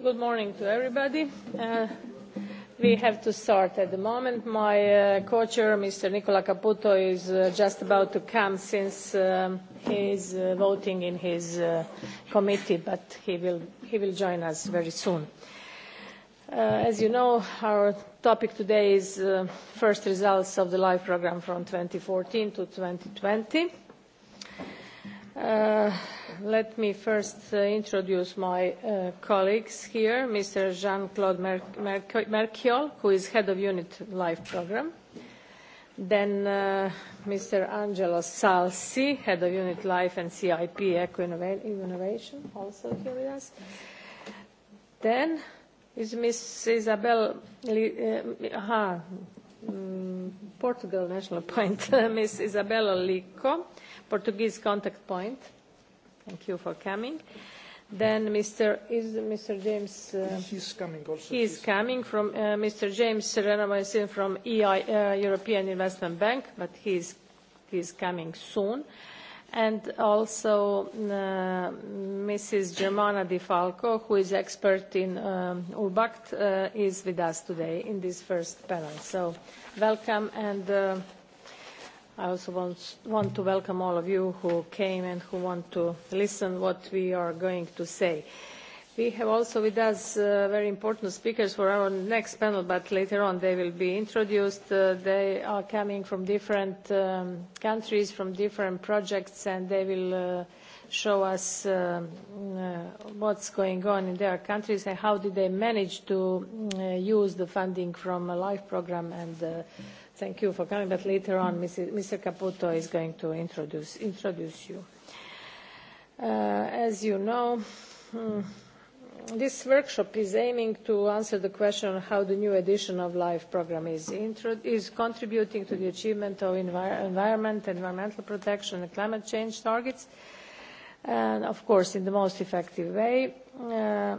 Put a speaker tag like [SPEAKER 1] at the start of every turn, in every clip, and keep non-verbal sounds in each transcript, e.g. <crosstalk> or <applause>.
[SPEAKER 1] Good morning to everybody. Uh, we have to start at the moment. My uh, co-chair, Mr. Nicola Caputo, is uh, just about to come since um, he is uh, voting in his uh, committee, but he will, he will join us very soon. Uh, as you know, our topic today is uh, first results of the LIFE program from 2014 to 2020. Uh, let me first uh, introduce my uh, colleagues here, Mr. Jean-Claude Mer Mer Merchiol, who is head of Unit Life Program. Then uh, Mr. Angelo Salsi, head of Unit Life and CIP Eco-Innovation, also here with us. Then is Ms. Isabel, uh, aha, um, mm, Portugal National Point, <laughs> Ms. Isabella Lico, Portuguese Contact Point. Thank you for coming. Then Mr. is Mr. James.
[SPEAKER 2] Uh, he's coming also.
[SPEAKER 1] He's, he's coming from uh, Mr. James Renamasin from EI, uh, European Investment Bank, but he's he's coming soon. And also uh, Mrs. Germana Di Falco, who is expert in um, UBACT, uh, is with us today in this first panel. So welcome and. Uh, I also want, want to welcome all of you who came and who want to listen what we are going to say. We have also with us uh, very important speakers for our next panel, but later on they will be introduced. Uh, they are coming from different um, countries, from different projects, and they will uh, show us uh, uh, what's going on in their countries and how did they manage to uh, use the funding from a life program and uh, Thank you for coming, but later on, Mrs. Mr. Caputo is going to introduce, introduce you. Uh, as you know, hmm, this workshop is aiming to answer the question on how the new edition of LIFE program is, intro is contributing to the achievement of envir environment, environmental protection and climate change targets, and of course in the most effective way. Uh,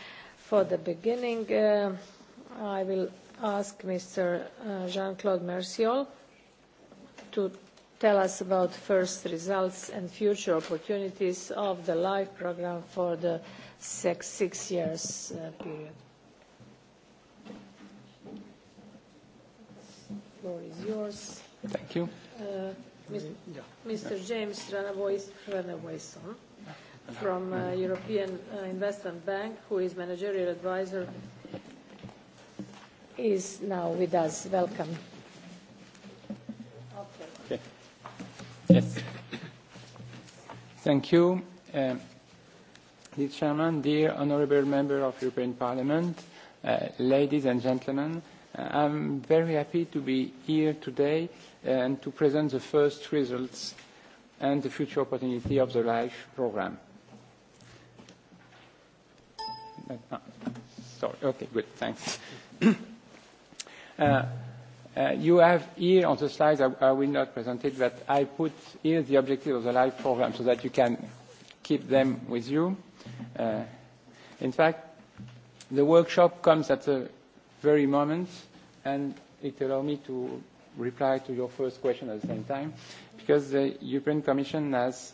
[SPEAKER 1] For the beginning, uh, I will ask Mr. Uh, Jean-Claude Mercier to tell us about first results and future opportunities of the LIFE program for the six, six years uh, period. Floor is yours. Thank you. Uh, Mr. Yeah. Mr. James Ranawayson from uh, European uh, Investment Bank, who is managerial advisor, is now with us. Welcome.
[SPEAKER 3] Okay. okay. Yes. Thank you. Uh, dear Chairman, dear honorable member of European Parliament, uh, ladies and gentlemen, uh, I'm very happy to be here today uh, and to present the first results and the future opportunity of the LIFE programme. Uh, sorry. Okay, good. Thanks. <coughs> uh, uh, you have here on the slides, I, I will not present it, but I put here the objective of the live program so that you can keep them with you. Uh, in fact, the workshop comes at the very moment, and it allowed me to reply to your first question at the same time, because the European Commission has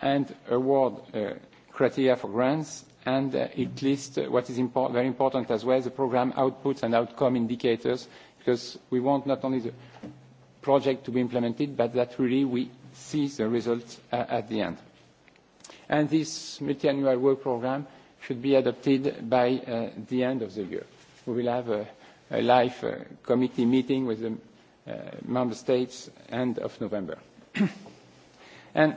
[SPEAKER 3] and award uh, criteria for grants, and uh, it lists what is import very important as well, the program outputs and outcome indicators, because we want not only the project to be implemented, but that really we see the results uh, at the end. And this multi-annual work program should be adopted by uh, the end of the year. We will have a, a live uh, committee meeting with the uh, member states end of November. <coughs> and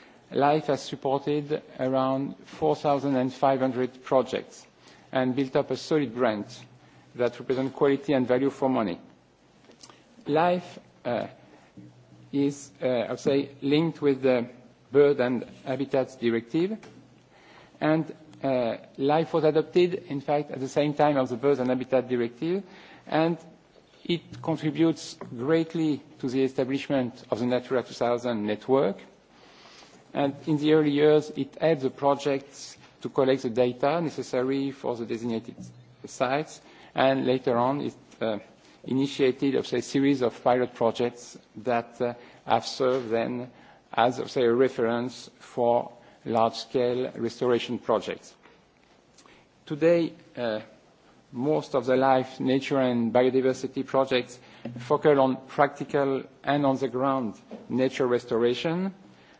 [SPEAKER 3] Life has supported around 4,500 projects and built up a solid brand that represent quality and value for money. Life uh, is, uh, I would say, linked with the Bird and Habitats Directive, and uh, Life was adopted, in fact, at the same time as the Bird and Habitat Directive, and it contributes greatly to the establishment of the Natura 2000 network, and in the early years it helps the projects to collect the data necessary for the designated sites and later on it uh, initiated of, say, a series of pilot projects that uh, have served then as of, say, a reference for large-scale restoration projects. Today, uh, most of the life, nature, and biodiversity projects focus on practical and on-the-ground nature restoration,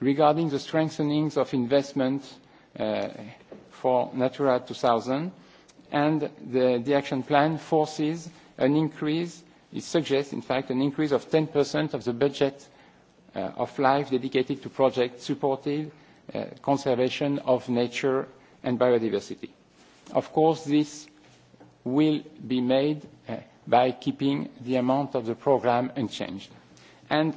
[SPEAKER 3] regarding the strengthening of investment uh, for Natura 2000, and the, the action plan forces an increase, it suggests, in fact, an increase of 10% of the budget uh, of life dedicated to projects supporting uh, conservation of nature and biodiversity. Of course, this will be made uh, by keeping the amount of the program unchanged. And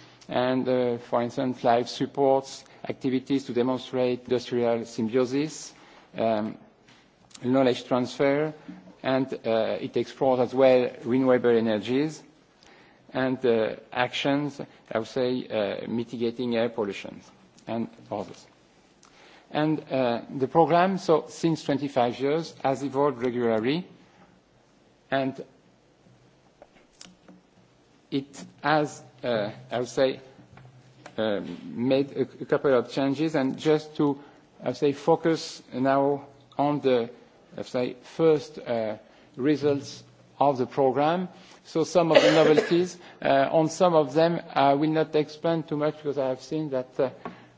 [SPEAKER 3] and, uh, for instance, life supports activities to demonstrate industrial symbiosis, um, knowledge transfer, and uh, it explores as well renewable energies and uh, actions, I would say, uh, mitigating air pollution and others. And uh, the program, so since 25 years, has evolved regularly, and it has uh, I would say, um, made a, a couple of changes and just to, I would say, focus now on the, I would say, first uh, results of the program. So some of the <coughs> novelties, uh, on some of them, I will not expand too much because I have seen that uh,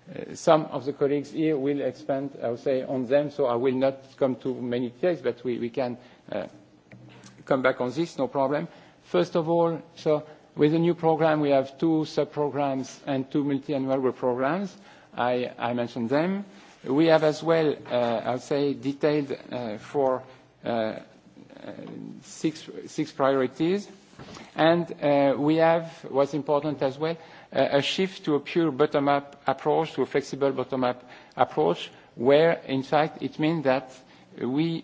[SPEAKER 3] uh some of the colleagues here will expand, I would say, on them, so I will not come to many details, but we, we can uh, come back on this, no problem. First of all, so With the new program, we have two sub-programs and two multi-annual work programs. I, I mentioned them. We have as well, uh, I'll say, detailed uh, for uh, uh six, six priorities. And uh, we have, what's important as well, uh, a shift to a pure bottom-up approach, to a flexible bottom-up approach, where in fact it means that we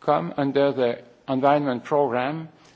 [SPEAKER 3] come under the environment program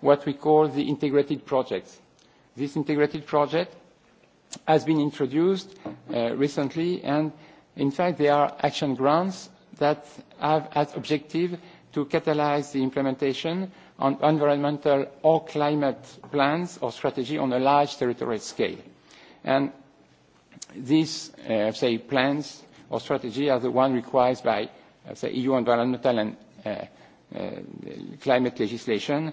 [SPEAKER 3] what we call the integrated projects. This integrated project has been introduced uh, recently, and in fact, they are action grants that have as objective to catalyze the implementation on environmental or climate plans or strategy on a large territorial scale. And these, uh, say, plans or strategy are the one required by, uh, say, EU environmental and uh, uh, climate legislation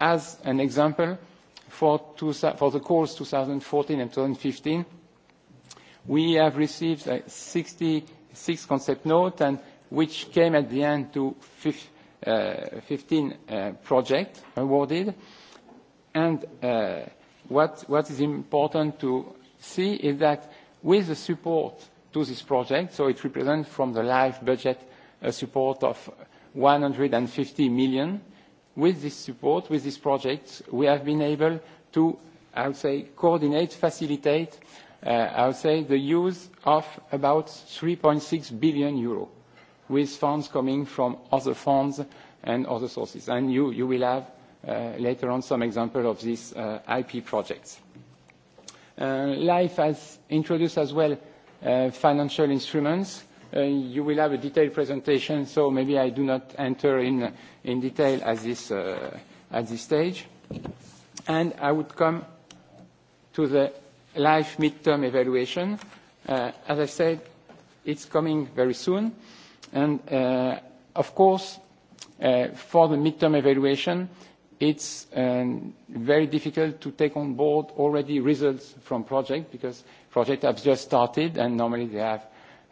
[SPEAKER 3] As an example, for, two, for the calls 2014 and 2015, we have received 66 concept note, and which came at the end to 15 uh, uh, project awarded. And, uh, what, what is important to see is that with the support to this project, so it represents from the live budget, a support of 150 million, with this support, with this project, we have been able to, I would say, coordinate, facilitate, uh, I would say, the use of about 3.6 billion euro, with funds coming from other funds and other sources. And you, you will have uh, later on some example of these uh, IP projects. Uh, life has introduced as well uh, financial instruments Uh, you will have a detailed presentation, so maybe I do not enter in, in detail at this, uh, at this stage. And I would come to the life midterm evaluation. Uh, as I said, it's coming very soon. And, uh, of course, uh, for the midterm evaluation, it's um, very difficult to take on board already results from project because project have just started, and normally they have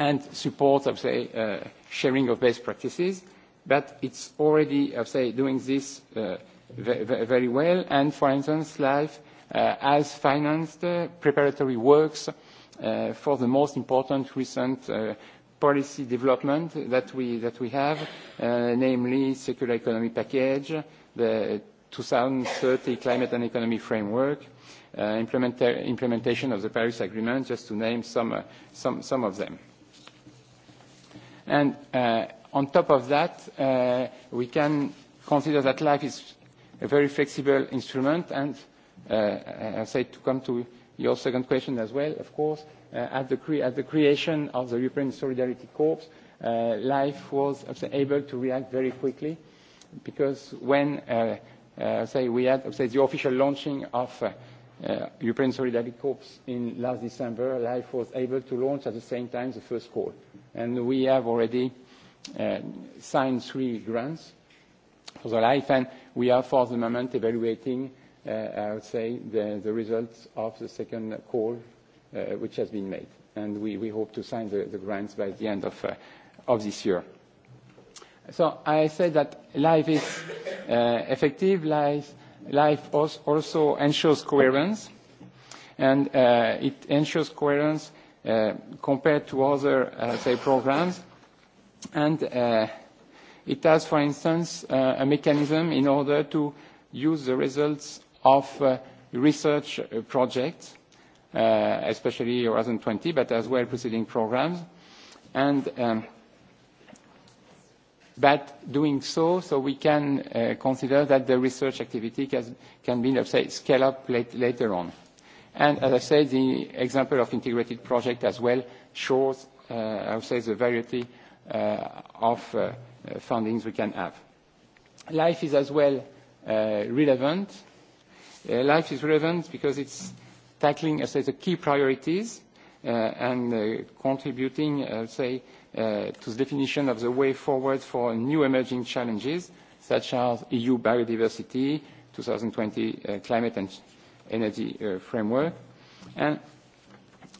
[SPEAKER 3] and support of say uh, sharing of best practices but it's already of say doing this uh, v- v- very well and for instance life uh, has financed uh, preparatory works uh, for the most important recent uh, policy development that we that we have uh, namely circular economy package the 2030 climate and economy framework uh, implementa- implementation of the Paris Agreement just to name some uh, some some of them And uh, on top of that, uh, we can consider that life is a very flexible instrument. And uh, I say to come to your second question as well, of course, uh, at, the cre- at the creation of the European Solidarity Corps, uh, life was able to react very quickly because when uh, uh, say we had say the official launching of uh, uh, European Solidarity Corps in last December, life was able to launch at the same time the first call. Uh, and we have already uh, signed three grants for the life, and we are, for the moment, evaluating, uh, I would say, the, the results of the second call, uh, which has been made. And we, we hope to sign the, the grants by the end of, of this year. So I said that life is effective. Life, life also ensures coherence, and it ensures coherence Uh, compared to other, uh, say, programs. And uh, it has, for instance, a mechanism in order to use the results of research projects, especially Horizon 20, but as well preceding programs. And um, but doing so, so we can uh, consider that the research activity can, can be, let's say, scale up late, later on. And as I said, the example of integrated project as well shows, uh, I would say, the variety uh, of uh, fundings we can have. Life is as well uh, relevant. Uh, life is relevant because it's tackling, I say, the key priorities uh, and contributing, I would say, to the definition of the way forward for new emerging challenges such as EU biodiversity, 2020 climate and energy uh, framework. And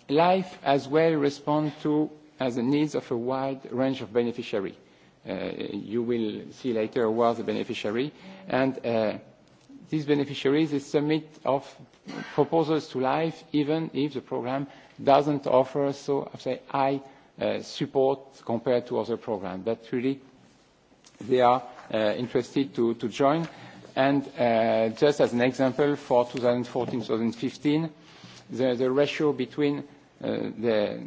[SPEAKER 3] life as well responds to as the needs of a wide range of beneficiaries. Uh, you will see later who are the beneficiary. And uh, these beneficiaries, they submit of proposals to life even if the program doesn't offer so say, high uh, support compared to other programs. But really, they are uh, interested to, to join. And uh, just as an example, for 2014, 2015, the, the ratio between uh, the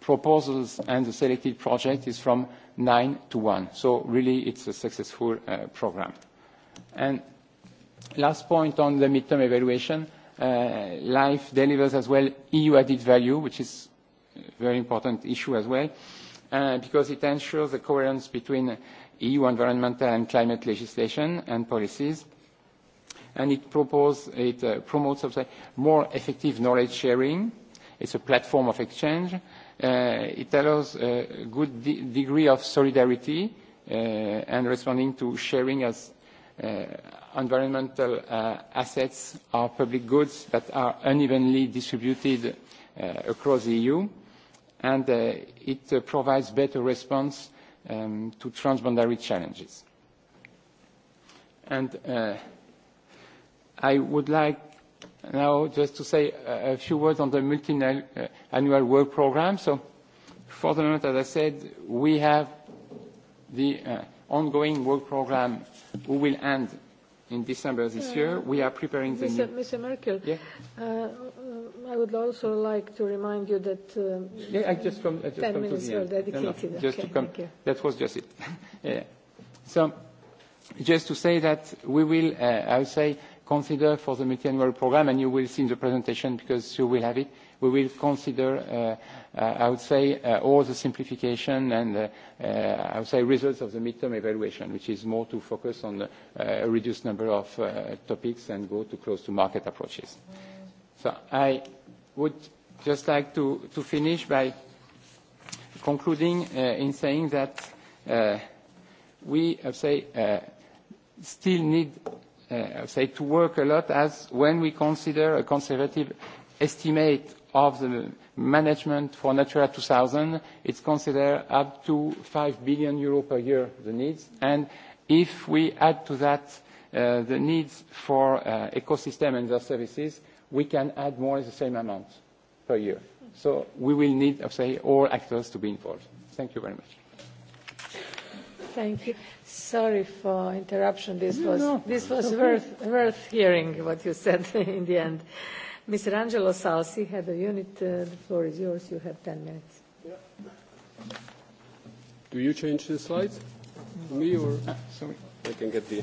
[SPEAKER 3] proposals and the selected project is from 9 to 1. So really, it's a successful uh, program. And last point on the midterm evaluation, uh, Life delivers as well EU added value, which is a very important issue as well, uh, because it ensures the coherence between EU environmental and climate legislation and policies, and it, propose, it uh, promotes say, more effective knowledge sharing. It's a platform of exchange. Uh, it allows a good de degree of solidarity uh, and responding to sharing as uh, environmental uh, assets are public goods that are unevenly distributed uh, across the EU. And uh, it uh, provides better response um, to transboundary challenges. And uh, I would like now just to say a, a few words on the multi-annual uh, work program. So for the moment, as I said, we have the uh, ongoing work program who will end in December this year. Uh, we are preparing the Mr. new- Mr. Merkel. Yeah.
[SPEAKER 1] Uh, uh, I would also like to remind you that. Um, yeah, I just come. I just 10 come minutes were dedicated. No, no, just okay, to come. Thank you.
[SPEAKER 3] That was just it. <laughs> yeah. So, just to say that we will, uh, I would say, consider for the multiannual program, and you will see in the presentation because you will have it, we will consider, uh, uh, I would say, uh, all the simplification and, uh, uh, I would say, results of the midterm evaluation, which is more to focus on uh, a reduced number of uh, topics and go to close-to-market approaches. So I would just like to, to finish by concluding uh, in saying that uh, we, I would say, uh, still need uh, say, to work a lot as when we consider a conservative estimate of the management for Natura 2000, it's considered up to 5 billion euro per year, the needs. And if we add to that uh, the needs for uh, ecosystem and their services, we can add more or the same amount per year. So we will need, say, all actors to be involved. Thank you very much
[SPEAKER 1] thank you. Sorry for interruption. This no, was no. this was okay. worth worth hearing what you said <laughs> in the end. Mr. Angelo Salsi, head of unit. Uh, the floor is yours. You
[SPEAKER 4] have ten minutes. Yeah.
[SPEAKER 2] Do you change the slides?
[SPEAKER 3] Mm-hmm. Me or uh, sorry?
[SPEAKER 2] I can get the.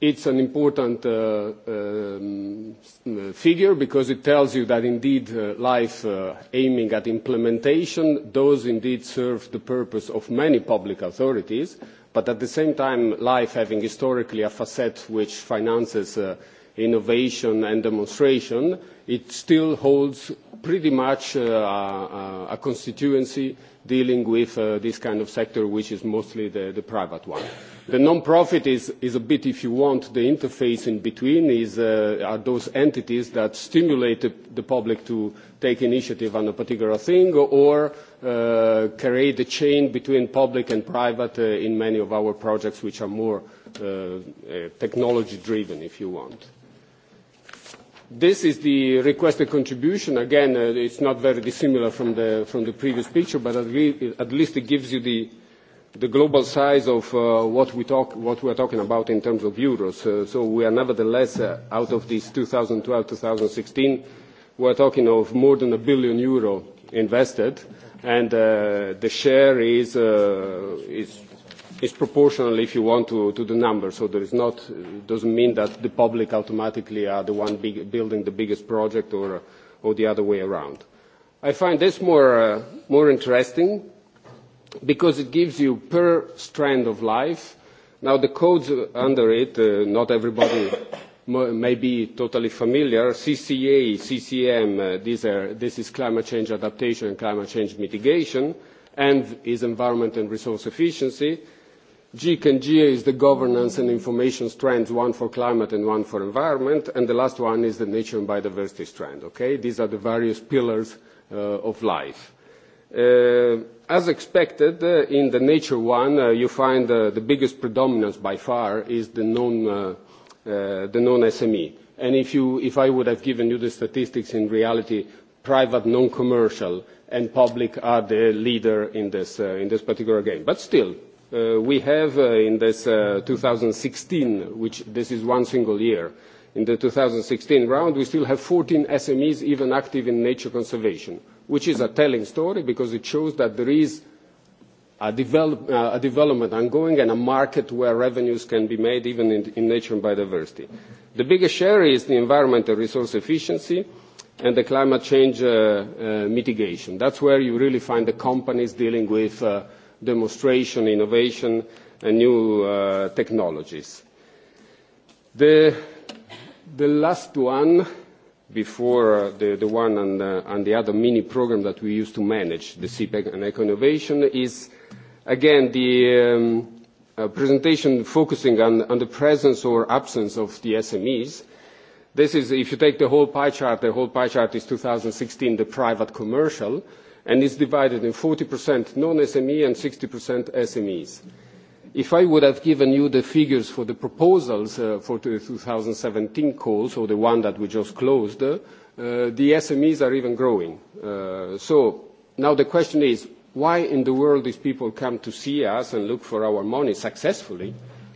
[SPEAKER 2] It's an important uh, um, uh, figure because it tells you that indeed uh, life uh, aiming at implementation does indeed serve the purpose of many public authorities, but at the same time, life having historically a facet which finances uh, innovation and demonstration, it still holds pretty much uh, a, uh, a constituency dealing with uh, this kind of sector, which is mostly the, the private one. The non-profit is, is a bit, if you want, the interface in between is, uh, are those entities that stimulate the, the public to take initiative on a particular thing or uh, create a chain between public and private uh, in many of our projects which are more uh, uh, technology driven, if you want. This is the requested contribution. Again, uh, it's not very dissimilar from the, from the previous picture, but at, le at least it gives you the, the global size of uh, what, we talk, what we are talking about in terms of euros. Uh, so we are nevertheless, uh, out of this 2012-2016, we're talking of more than 1 billion euro invested, and uh, the share is, uh, is is proportional if you want to, to the number. So there is not, it doesn't mean that the public automatically are the one big, building the biggest project or, or the other way around. I find this more, uh, more interesting because it gives you per strand of life. Now the codes under it, uh, not everybody <coughs> may be totally familiar. CCA, CCM, uh, these are, this is climate change adaptation and climate change mitigation, and is environment and resource efficiency GIC and GIA is the governance and information strands, one for climate and one for environment, and the last one is the nature and biodiversity strand, okay? These are the various pillars uh, of life. Uh, as expected, uh, in the nature one, uh, you find uh, the biggest predominance by far is the non, uh, uh, the non-SME. And if, you, if I would have given you the statistics, in reality, private non-commercial and public are the leader in this, uh, in this particular game. But still, uh, we have uh, in this uh, 2016, which this is one single year, in the 2016 round, we still have 14 SMEs even active in nature conservation, which is a telling story because it shows that there is a, develop, uh, a development ongoing and a market where revenues can be made even in, in nature and biodiversity. The biggest share is the environment and resource efficiency, and the climate change uh, uh, mitigation. That's where you really find the companies dealing with uh, demonstration, innovation, and new uh, technologies. The, the last one, before uh, the, the one and, uh, and the other mini program that we used to manage, the CPEC e and Eco-Innovation, is again the um, uh, presentation focusing on, on the presence or absence of the SMEs. This is, if you take the whole pie chart, the whole pie chart is 2016, the private commercial. Uh, and is divided in 40% non-SME and 60% SMEs. If I would have given you the figures for the proposals uh, for the 2017 call, so the one that we just closed, uh, the SMEs are even growing. Uh, so now the question is, why in the world these people come to see us and look for our money successfully? Mm-hmm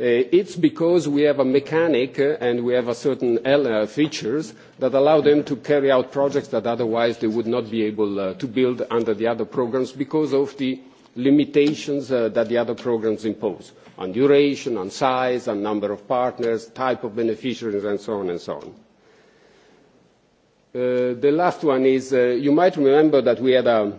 [SPEAKER 2] Uh, it's because we have a mechanic uh, and we have a certain uh, features that allow them to carry out projects that otherwise they would not be able to build under the other programs because of the limitations uh, that the other programs impose on duration, on size, on number of partners, type of beneficiaries, and so on and so on. Uh, the last one is, uh, you might remember that we had a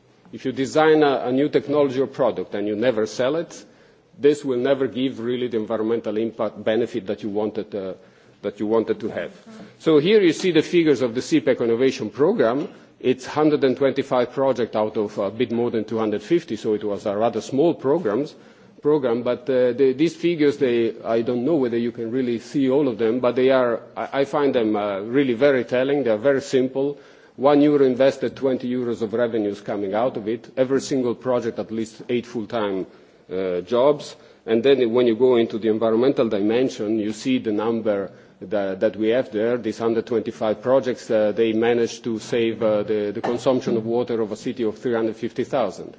[SPEAKER 2] If you design a, a new technology or product and you never sell it, this will never give really the environmental impact benefit that you wanted, uh, that you wanted to have. So here you see the figures of the CPEC e Innovation Program. It's 125 projects out of a bit more than 250, so it was a rather small programs, program. But uh, the, these figures, they, I don't know whether you can really see all of them, but they are, I, I find them uh, really very telling. They are very simple 1 euro invested, 20 euros of revenues coming out of it. Every single project, at least eight full-time uh, jobs. And then when you go into the environmental dimension, you see the number that, that we have there. These 125 projects, uh, they managed to save uh, the, the consumption of water of a city of 350,000.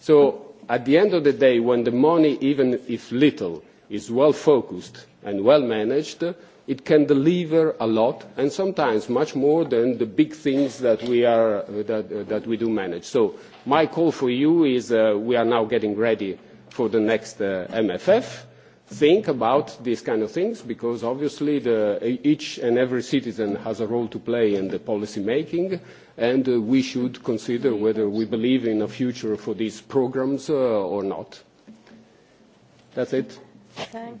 [SPEAKER 2] So at the end of the day, when the money, even if little, is well focused and well managed, It can deliver a lot, and sometimes much more than the big things that we, are, that, that we do manage. So my call for you is, uh, we are now getting ready for the next uh, MFF. Think about these kind of things, because obviously the, uh, each and every citizen has a role to play in the policy making, and uh, we should consider whether we believe in a future for these programs uh, or not. That's it.
[SPEAKER 5] Thank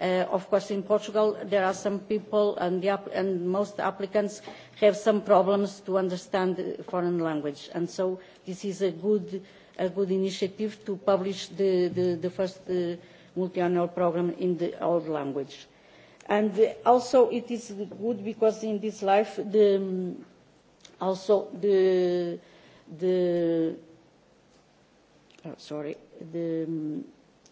[SPEAKER 6] Uh, of course, in Portugal, there are some people and, the app and most applicants have some problems to understand foreign language. And so this is a good, a good initiative to publish the, the, the first uh, multi-annual program in the old language. And also it is good because in this life, the, also the, the, oh, sorry, the,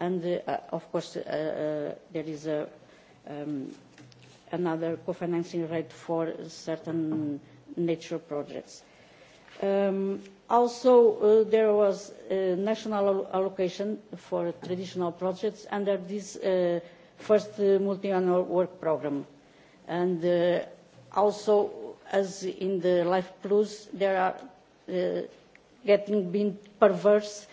[SPEAKER 6] and uh, of course uh, uh, there is a, um, another co-financing rate for certain nature projects. Um, also, uh, there was uh, national allocation for traditional projects under this uh, first uh, multi-annual work program. And uh, also, as in the Life Plus, there are uh, getting being perverse uh,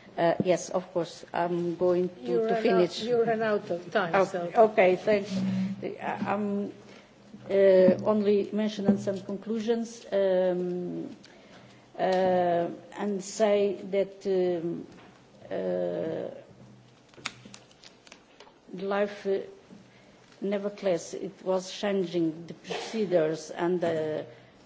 [SPEAKER 6] Uh, yes, of course, I'm going to, you to finish. Out, you ran out of time. Oh, so. Okay, thanks. Uh, I'm uh, only mentioning some conclusions um, uh, and say that um, uh, life, uh, nevertheless, it was changing the procedures and the uh,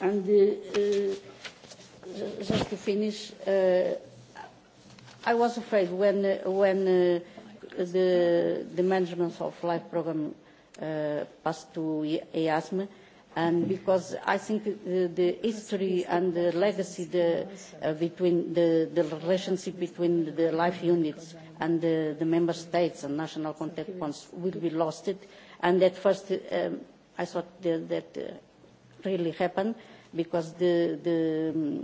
[SPEAKER 6] And the, uh, uh, just to finish, uh, I was afraid when, uh, when uh, the, the management of life program uh, passed to EASM, and because I think the, the history and the legacy the, uh, between the, the relationship between the life units and the, the member states and national contact points will be lost. It. And at first um, I thought that, that uh, really happened because the, the,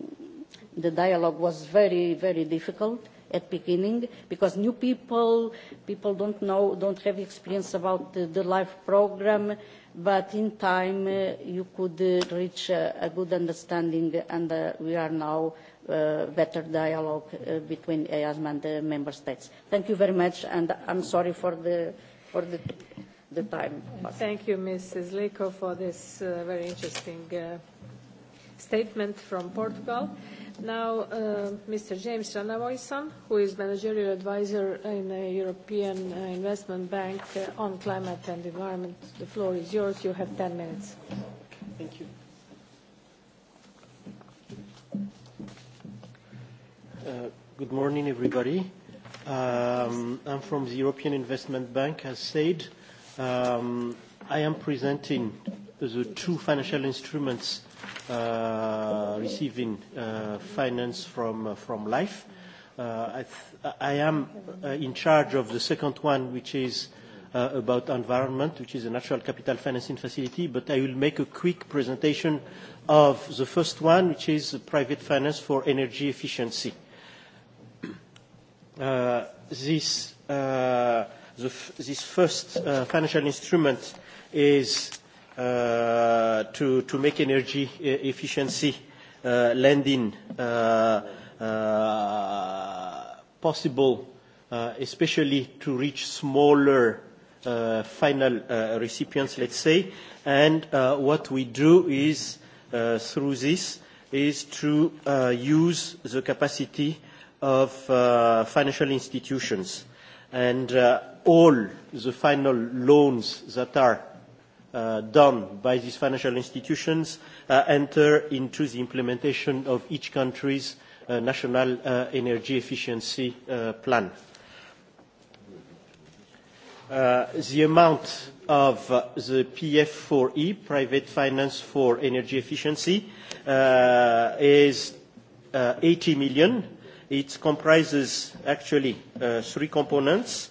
[SPEAKER 6] the dialogue was very, very difficult at beginning because new people, people don't know, don't have experience about the, the life program, but in time uh, you could uh, reach uh, a good understanding and uh, we are now uh, better dialogue uh, between EASM and the member states. Thank you very much and I'm sorry for the, for the the time.
[SPEAKER 1] Passed. Thank you, Mrs. Lico, for this uh, very interesting uh, statement from Portugal. Now, uh, Mr. James Ranavoisan, who is managerial advisor in the European uh, Investment Bank uh, on climate and environment. The floor is yours. You have 10 minutes.
[SPEAKER 5] Thank you. Uh, good morning, everybody. Um, I'm from the European Investment Bank, as said. Uh, Um, I am presenting the two financial instruments uh, receiving uh, finance from, uh, from life. Uh, I, th I am uh, in charge of the second one, which is uh, about environment, which is a natural capital financing facility, but I will make a quick presentation of the first one, which is private finance for energy efficiency. Uh, this uh, the f this first uh, financial instrument is uh, to, to make energy e, efficiency uh, lending uh, uh, possible, uh, especially to reach smaller uh, final uh, recipients, let's say. And uh, what we do is, uh, through this, is to uh, use the capacity of uh, financial institutions. And uh, all the final loans that are uh, done by these financial institutions uh, enter into the implementation of each country's uh, national uh, energy efficiency uh, plan. Uh, the amount of uh, the PF4E, Private Finance for Energy Efficiency, uh, is uh, 80 million. It comprises actually uh, three components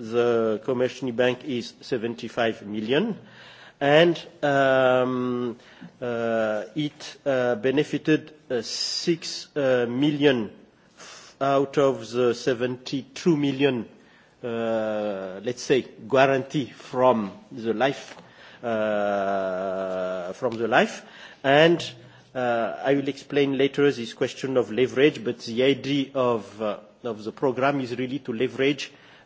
[SPEAKER 5] the commercial bank is 75 million, and um, uh, it uh, benefited uh, 6 uh, million out of the 72 million, uh, let's say, guarantee from the life, uh, from the life. And uh, I will explain later this question of leverage, but the idea of, uh, of the program is really to leverage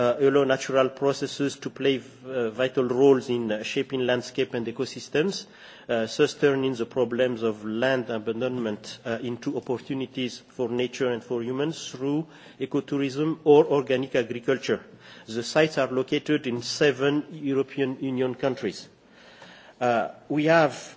[SPEAKER 5] uh, allow natural processes to play uh, vital roles in uh, shaping landscape and ecosystems, uh, thus turning the problems of land abandonment uh, into opportunities for nature and for humans through ecotourism or organic agriculture. The sites are located in seven European Union countries. Uh, we have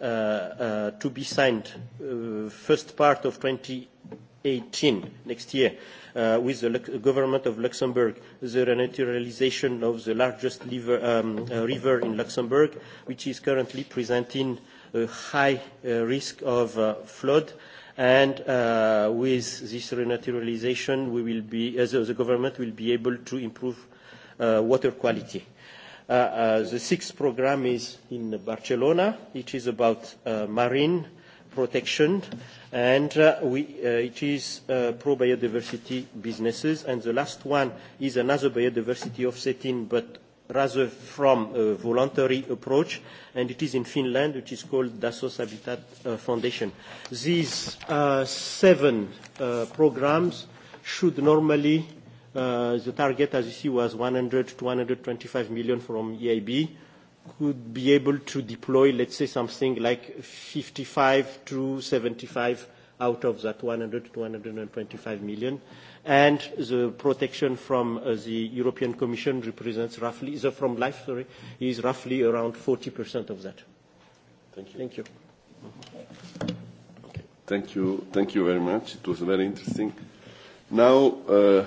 [SPEAKER 5] uh, uh, to be signed uh, first part of 2018, next year, uh, with the Lux government of Luxembourg, the renaturalization of the largest liver, um, uh, river in Luxembourg, which is currently presenting a high uh, risk of uh, flood. And uh, with this renaturalization, we will be, as uh, the government will be able to improve uh, water quality. Uh, Uh, uh, the sixth program is in Barcelona. It is about uh, marine protection, and uh, we, uh, it is uh, pro-biodiversity businesses. And the last one is another biodiversity offsetting, but rather from a voluntary approach, and it is in Finland, which is called Dassos Habitat uh, Foundation. These uh, seven uh, programs should normally Uh, the target, as you see, was 100 million-125 million from EIB. Could be able to deploy, let's say, something like 55 million-75 million out of that 100 million-125 million. And the protection from uh, the European Commission represents roughly, the from life, sorry, is roughly around 40% of that.
[SPEAKER 7] Thank you. Thank you. Okay. Thank you. Thank you very much. It was very interesting. Now, uh,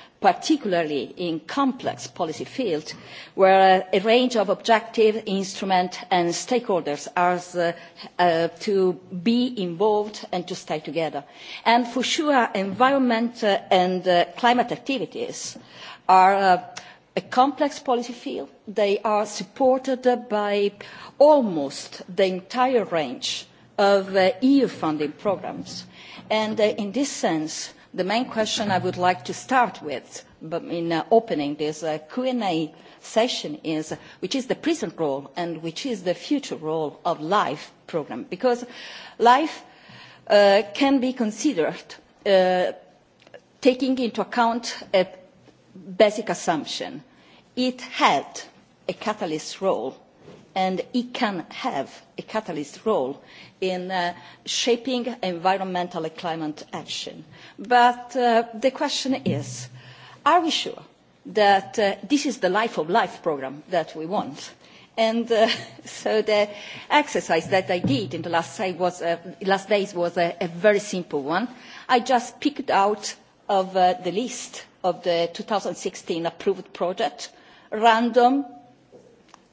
[SPEAKER 8] particularly in complex policy fields where uh, a range of objectives, instruments and stakeholders are uh, uh, to be involved and to stay together. And for sure, environment uh, and uh, climate activities are uh, a complex policy field. They are supported uh, by almost the entire range of uh, EU funding programs. And uh, in this sense, The main question I would like to start with but in uh, opening this uh, Q&A session is which is the present role and which is the future role of LIFE program because LIFE uh, can be considered uh, taking into account a basic assumption. It had a catalyst role and it can have a catalyst role in uh, shaping environmental and climate action. But uh, the question is, are we sure that uh, this is the Life of Life program that we want? And uh, <laughs> so the exercise that I did in the last, day was, uh, last days was a, a very simple one. I just picked out of uh, the list of the 2016 approved project random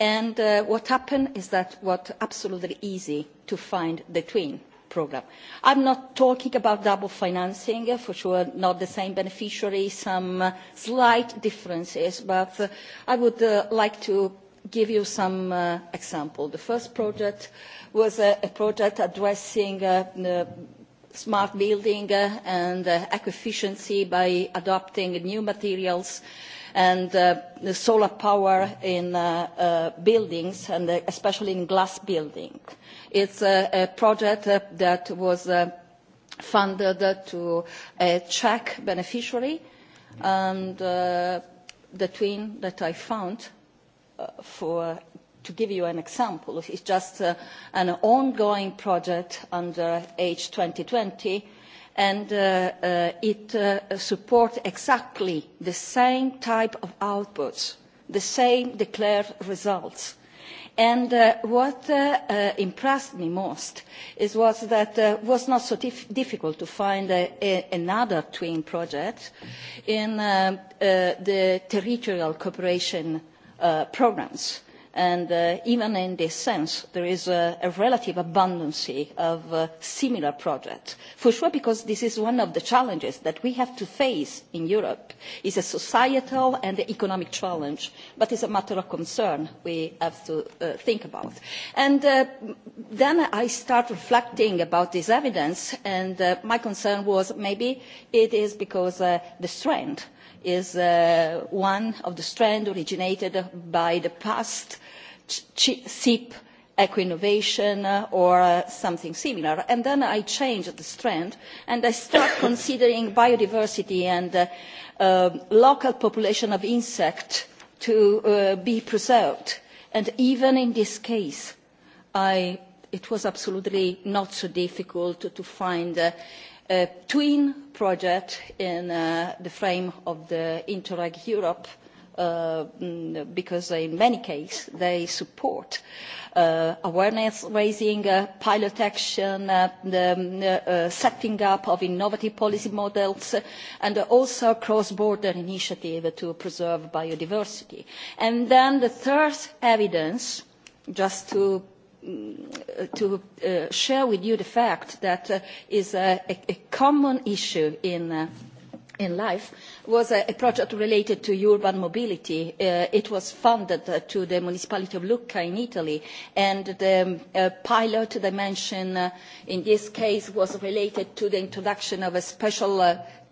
[SPEAKER 8] And uh, what happened is that it was absolutely easy to find the twin programme. I'm not talking about double financing, uh, for sure not the same beneficiary, some uh, slight differences, but uh, I would uh, like to give you some uh, example. The first project was a, a project addressing uh, the uh, smart building uh, and uh, eco-efficiency by adopting new materials uh, and uh, the solar power in uh, uh, buildings and uh, especially in glass building. It's a, a project uh, that was uh, funded to a Czech uh, beneficiary and uh, the twin that I found uh, for to give you an example, it's just uh, an ongoing project under H2020 and uh, uh, it uh, supports exactly the same type of outputs, the same declared results. And uh, what uh, uh, impressed me most is was that it uh, was not so dif difficult to find a, a, another twin project in uh, uh, the territorial cooperation uh, programs. Uh, and uh, even in this sense there is a, a relative abundance of uh, similar projects for sure because this is one of the challenges that we have to face in europe is a societal and economic challenge but it's a matter of concern we have to uh, think about and uh, then i start reflecting about this evidence and uh, my concern was maybe it is because uh, the strength is uh, one of the strands originated by the past SIP eco-innovation uh, or uh, something similar. And then I changed the strand and I start <coughs> considering biodiversity and uh, uh, local population of insects to uh, be preserved. And even in this case, I, it was absolutely not so difficult to, to find uh, a twin project in uh, the frame of the Interreg Europe uh, mm, because in many cases they support uh, awareness raising, uh, pilot action, uh, the uh, uh, setting up of innovative policy models, uh, and also cross-border initiative to preserve biodiversity. And then the third evidence, just to to uh, share with you the fact that uh, is uh, a, a common issue in uh, in life was a, uh, a project related to urban mobility. Uh, it was funded uh, to the municipality of Lucca in Italy and the um, uh, pilot dimension uh, in this case was related to the introduction of a special uh,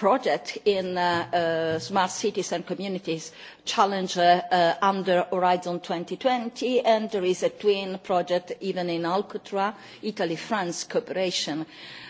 [SPEAKER 8] project in uh, uh, smart cities and communities challenge uh, uh, under Horizon 2020 and there is a twin project even in Alcatra, Italy-France cooperation. Uh,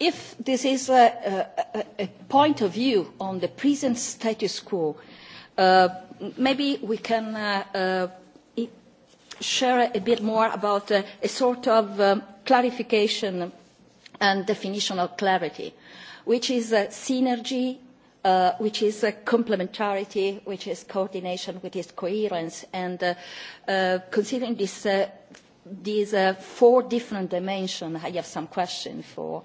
[SPEAKER 8] if this is a, a, a point of view on the present status quo, uh, maybe we can uh, uh, share a bit more about uh, a sort of um, clarification and definitional clarity, which is uh, synergy, uh, which is uh, complementarity, which is coordination, which is coherence, and uh, uh, considering this, uh, these uh, four different dimensions, I have some questions for uh,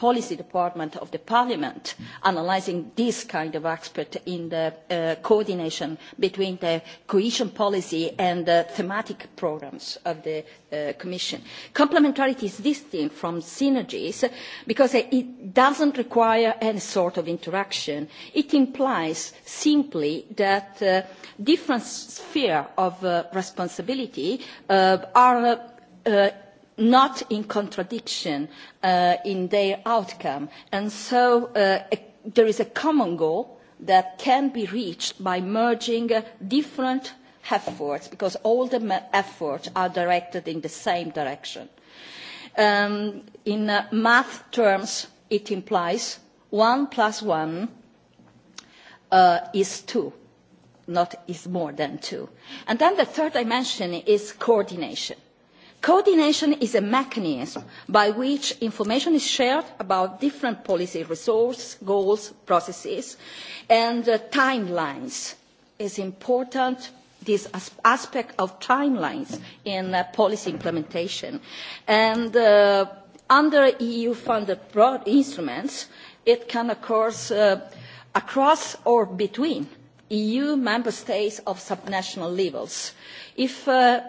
[SPEAKER 8] policy department of the parliament analysing this kind of aspect in the uh, coordination between the cohesion policy and the thematic programmes of the uh, commission. complementarity is distinct from synergies because it doesn't require any sort of interaction. it implies simply that uh, different spheres of uh, responsibility uh, are uh, not in contradiction uh, in their outcome. And so uh, a, there is a common goal that can be reached by merging uh, different efforts, because all the efforts are directed in the same direction. Um, in uh, math terms, it implies 1 plus 1 uh, is 2 not is more than two. And then the third dimension is coordination. Coordination is a mechanism by which information is shared about different policy resources, goals, processes, and uh, timelines. It's important this as aspect of timelines in uh, policy implementation. And uh, under EU-funded broad instruments, it can occur uh, across or between EU member states of subnational levels. If uh,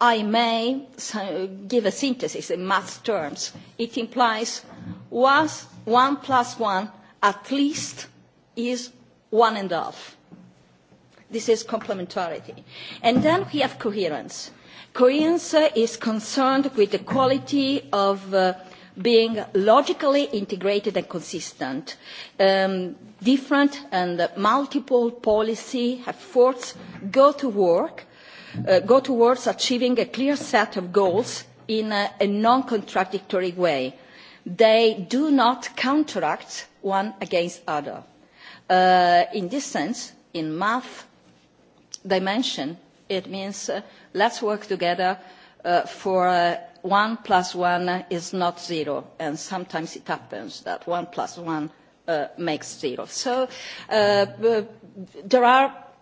[SPEAKER 8] I may give a synthesis in math terms. It implies was one plus one at least is one and a half. This is complementarity. And then we have coherence. Coherence is concerned with the quality of uh, being logically integrated and consistent. Um, different and multiple policy efforts go to work uh, go towards achieving a clear set of goals in a, a non-contradictory way. They do not counteract one against other. Uh, in this sense, in math dimension, it means uh, let's work together uh, for uh, one plus one is not zero, and sometimes it happens that one plus one uh, makes zero. So uh, there are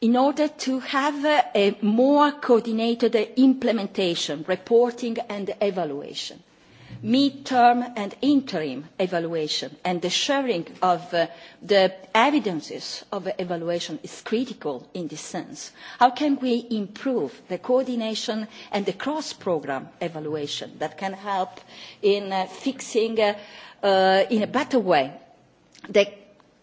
[SPEAKER 8] in order to have a more coordinated implementation, reporting and evaluation, mid-term and interim evaluation, and the sharing of uh, the evidences of evaluation is critical in this sense. How can we improve the coordination and the cross-program evaluation that can help in uh, fixing uh, uh, in a better way the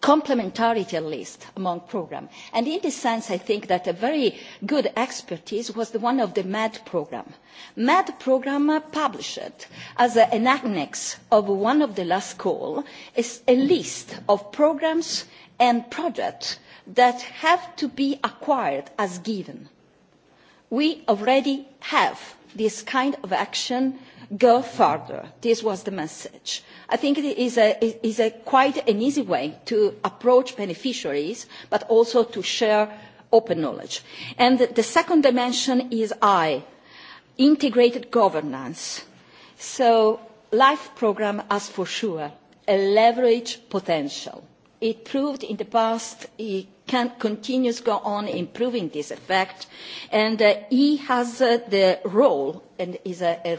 [SPEAKER 8] complementarity list among programmes and in this sense i think that a very good expertise was the one of the med programme. med programme published as an annex of one of the last call is a list of programmes and projects that have to be acquired as given. we already have this kind of action go further. This was the message. I think it is, a, it is a quite an easy way to approach beneficiaries, but also to share open knowledge. And the second dimension is I, integrated governance. So life programme has for sure a leverage potential. It proved in the past it can continue to go on improving this effect, and uh, he has uh, the role and is a, a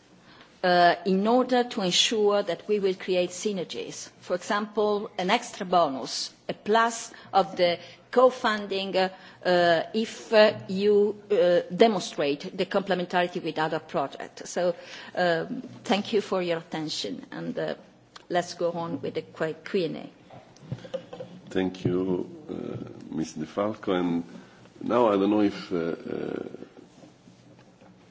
[SPEAKER 8] uh, in order to ensure that we will create synergies. For example, an extra bonus, a plus of the co-funding uh, uh, if uh, you uh, demonstrate the complementarity with other projects. So um, thank you for your attention and uh, let's go on with the Q&A.
[SPEAKER 7] Thank you, uh, Ms. De Falco. And now I don't know if uh, uh,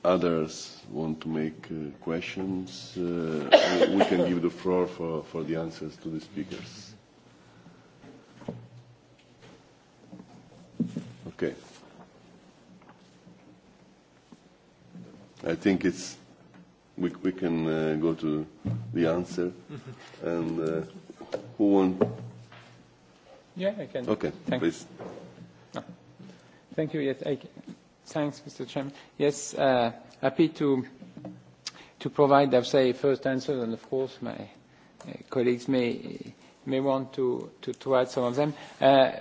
[SPEAKER 7] others want to make uh, questions, uh, we can give the floor for, for the answers to the speakers. Okay. I think it's we, we can uh, go to the answer. Mm-hmm. and uh, who won?
[SPEAKER 9] Yeah, I can. Okay, Thanks. please. No.
[SPEAKER 3] Ah. Thank you. Yes, I can. Thanks, Mr. Chairman. Yes, uh, happy to to provide, I would say, first answer, and of course, my uh, colleagues may may want to to, to add some of them. Uh,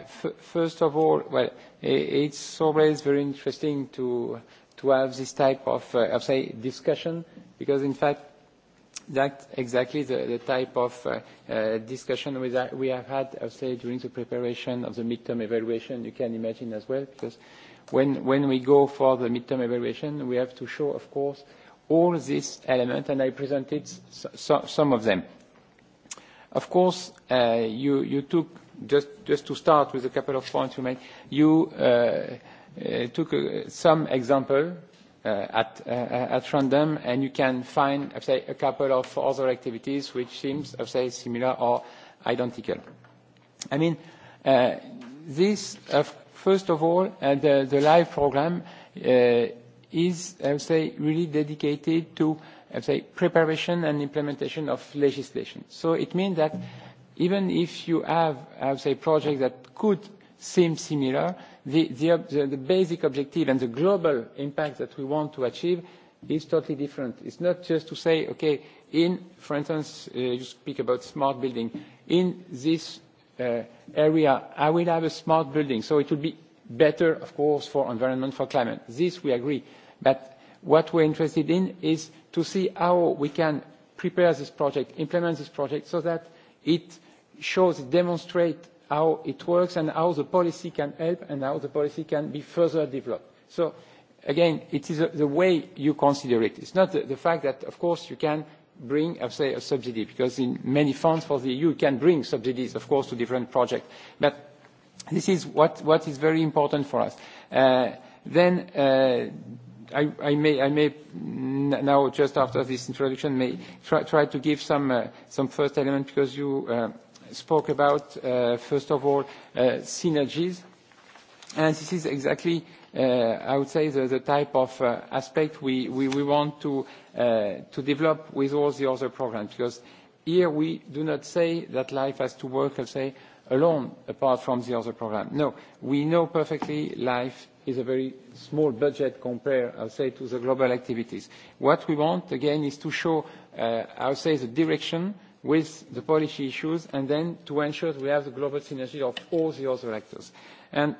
[SPEAKER 3] first of all, well, it's always very interesting to to have this type of, uh, of say, discussion, because in fact, that's exactly the, the type of uh, uh, discussion we, we have had, I would say, during the preparation of the midterm evaluation. You can imagine as well, because uh, when, when we go for the midterm evaluation, we have to show, of course, all these elements, and I presented so, so, some of them. Of course, uh, you, you took, just, just to start with a couple of points you made, you uh, uh, took uh, some example uh, at, uh, at random, and you can find, I'd say, a couple of other activities which seems, I'd say, similar or identical. I mean, uh, this, of First of all, uh, the, the live program uh, is, I would say, really dedicated to, I would say, preparation and implementation of legislation. So it means that even if you have, I would say, projects that could seem similar, the, the, the basic objective and the global impact that we want to achieve is totally different. It's not just to say, okay, in, for instance, uh, you speak about smart building. In this uh, area, I will have a smart building. So it will be better, of course, for environment, for climate. This we agree. But what we're interested in is to see how we can prepare this project, implement this project, so that it shows, demonstrate how it works and how the policy can help and how the policy can be further developed. So again, it is a, the way you consider it. It's not the, the fact that, of course, you can bring, I say, a subsidy, because in many funds for the EU, you can bring subsidies, of course, to different projects. But this is what, what is very important for us. Uh, then uh, I, I, may, I may now, just after this introduction, may try, try to give some, uh, some first element, because you uh, spoke about, uh, first of all, uh, synergies. And this is exactly Uh, I would say, the, the type of uh, aspect we, we, we want to, uh, to develop with all the other programs. Because here we do not say that life has to work, let's say, alone apart from the other program. No, we know perfectly life is a very small budget compared, I would say, to the global activities. What we want, again, is to show, uh, I would say, the direction with the policy issues, and then to ensure that we have the global synergy of all the other actors. And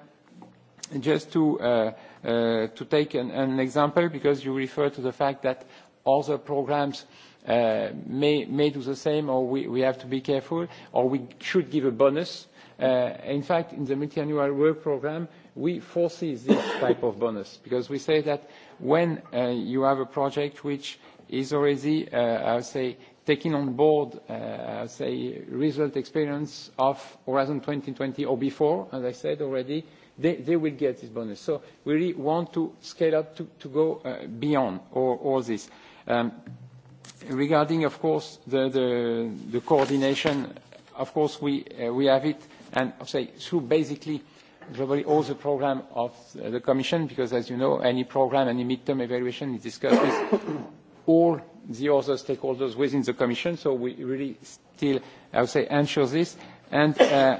[SPEAKER 3] Just to, uh, uh, to take an, an example, because you refer to the fact that other programs uh, may, may do the same, or we, we have to be careful, or we should give a bonus. Uh, in fact, in the multi-annual work program, we foresee this <coughs> type of bonus because we say that when uh, you have a project which is already, uh, I would say, taking on board, uh, say, result experience of Horizon 2020 or before, as I said already, they, they will get this bonus. So we really want to scale up to, to go uh, beyond all, all this. Um, regarding, of course, the, the, the coordination, of course, we, uh, we have it, and I'll say through basically globally all the program of the Commission, because as you know, any program, any midterm evaluation is discussed with all the other stakeholders within the Commission. So we really still, I would say, ensure this. And uh,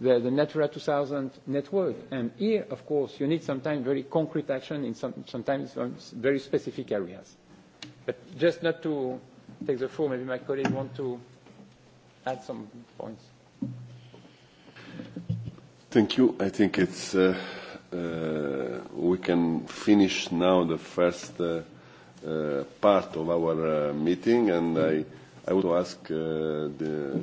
[SPEAKER 3] the, the Natura 2000 network. And here, of course, you need sometimes very concrete action in some, sometimes on very specific areas. But just not to take the floor, maybe my colleague want to add some points.
[SPEAKER 7] Thank you. I think it's, uh, uh, we can finish now the first uh, uh part of our uh, meeting, and I, I would ask uh, the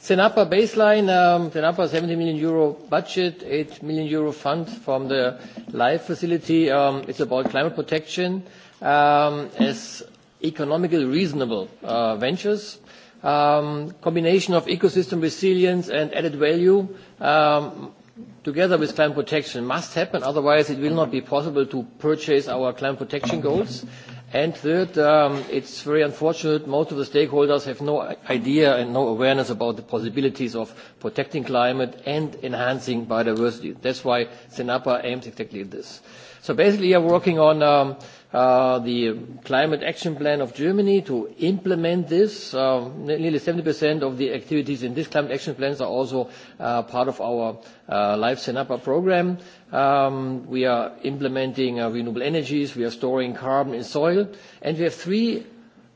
[SPEAKER 10] CENAPA baseline, um, CENAPA 70 million euro budget, 8 million euro fund from the LIFE facility. Um, it's about climate protection um, as economically reasonable uh, ventures. Um, combination of ecosystem resilience and added value um, together with climate protection must happen, otherwise it will not be possible to purchase our climate protection goals. Mm-hmm. And third, um, it's very unfortunate most of the stakeholders have no idea and no awareness about the possibilities of protecting climate and enhancing biodiversity. That's why CENAPA aims exactly at this. So basically, we are working on um, uh, the climate action plan of Germany to implement this. Uh, nearly 70% of the activities in this climate action plans are also uh, part of our uh, Life CENAPA program. Um, we are implementing uh, renewable energies. We are storing carbon in soil. And we have three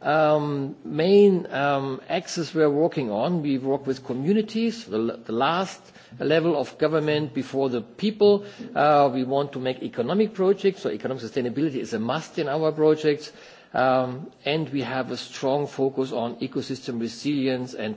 [SPEAKER 10] um, main um, axes we are working on. We work with communities, the, the last level of government before the people. Uh, we want to make economic projects, so economic sustainability is a must in our projects. Um, and we have a strong focus on ecosystem resilience and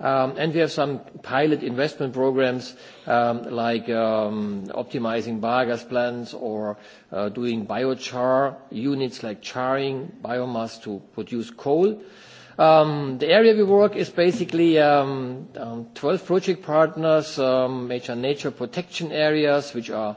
[SPEAKER 10] Um, and we have some pilot investment programs um, like um, optimizing biogas plants or uh, doing biochar units like charring biomass to produce coal. Um, the area we work is basically um, um, 12 project partners, um, major nature protection areas, which are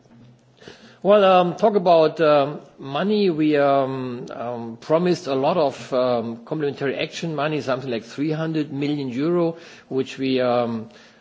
[SPEAKER 10] Well, um, talk about um, money. We um, um promised a lot of um, complementary action money, something like 300 million euro, which we um,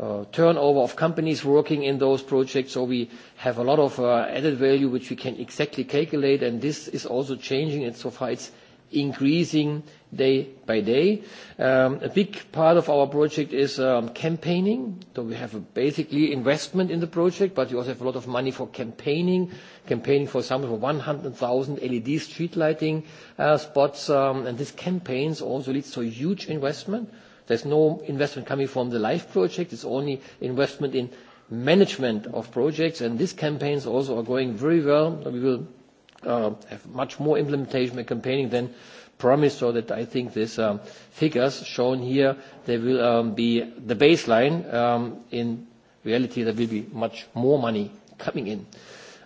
[SPEAKER 10] uh, turnover of companies working in those projects. So we have a lot of uh, added value, which we can exactly calculate, and this is also changing, and so far it's increasing day by day. Um, a big part of our project is um, campaigning. So we have basically investment in the project, but we also have a lot of money for campaigning. Campaigning, for example, for 100,000 LED e street lighting uh, spots. Um, and these campaigns also leads to huge investment. There's no investment coming from the life project. It's only investment in management of projects, and these campaigns also are going very well. We will uh, have much more implementation and campaigning than promised, so that I think these um, figures shown here, they will um, be the baseline. Um, in reality, there will be much more money coming in.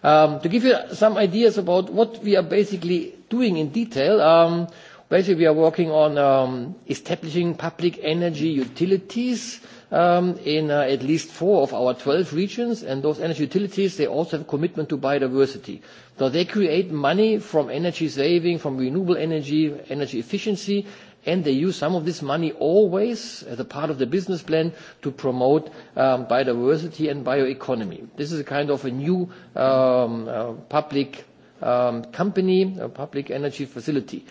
[SPEAKER 10] Um, to give you some ideas about what we are basically doing in detail, um, Basically, we are working on um, establishing public energy utilities um, in uh, at least four of our 12 regions, and those energy utilities, they also have a commitment to biodiversity. So they create money from energy saving, from renewable energy, energy efficiency, and they use some of this money always as a part of the business plan to promote um, biodiversity and bioeconomy. This is a kind of a new um, uh, public um, company, a public energy facility. Uh,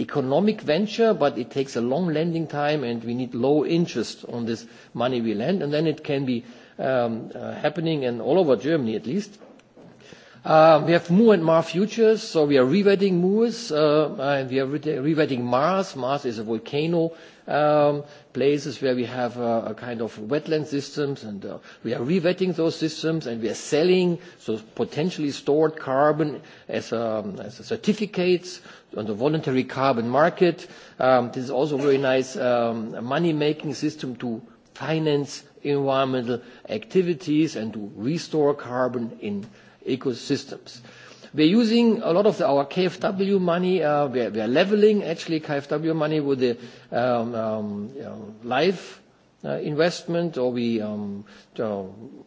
[SPEAKER 10] economic venture, but it takes a long lending time, and we need low interest on this money we lend, and then it can be um, uh, happening in all over Germany at least. Uh, we have Moore and Mar futures, so we are rewetting Moors, uh, and we are rewetting Mars. Mars is a volcano, um, places where we have uh, a kind of wetland systems, and uh, we are rewetting those systems, and we are selling, so potentially stored carbon as, um, as certificates. Uh, on the voluntary carbon market. Um, this is also a very nice um, money-making system to finance environmental activities and to restore carbon in ecosystems. We're using a lot of the, our KfW money. Uh, we, are, we are leveling actually KfW money with the um, um, you know, life uh, investment, or we um, you know,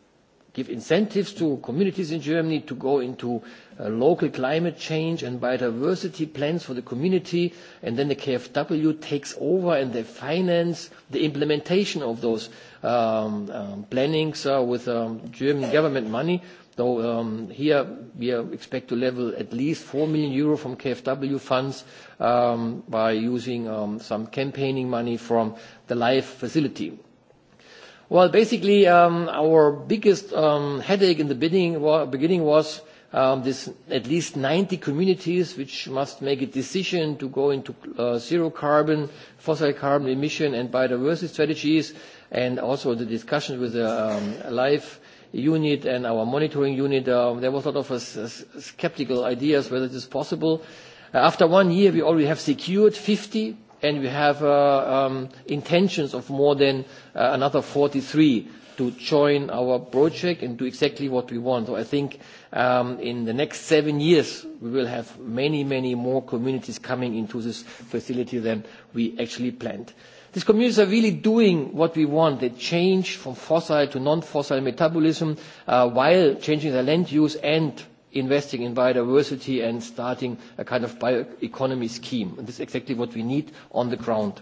[SPEAKER 10] give incentives to communities in Germany to go into uh, local climate change and biodiversity plans for the community, and then the KfW takes over and they finance the implementation of those um, um, plannings uh, with um, German government money. Though um, here we expect to level at least 4 million euro from KfW funds um, by using um, some campaigning money from the LIFE facility. Well, basically, um, our biggest um, headache in the beginning, wa beginning was um, this at least 90 communities which must make a decision to go into uh, zero carbon, fossil carbon emission and biodiversity strategies, and also the discussion with the um, life unit and our monitoring unit. Um, uh, there was a lot of uh, skeptical ideas whether it is possible. Uh, after one year, we already have secured 50 and we have uh, um, intentions of more than uh, another 43 to join our project and do exactly what we want. So I think um, in the next seven years, we will have many, many more communities coming into this facility than we actually planned. These communities are really doing what we want. They change from fossil to non-fossil metabolism uh, while changing their land use and investing in biodiversity and starting a kind of bioeconomy scheme. And this is exactly what we need on the ground.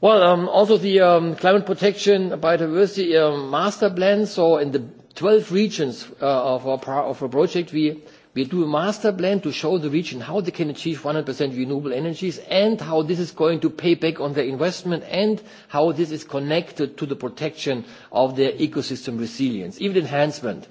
[SPEAKER 10] Well, um, also the um, climate protection biodiversity um, master plan. So in the 12 regions uh, of, our, of our project, we We do a master plan to show the region how they can achieve 100% renewable energies and how this is going to pay back on their investment and how this is connected to the protection of their ecosystem resilience, even enhancement. Uh,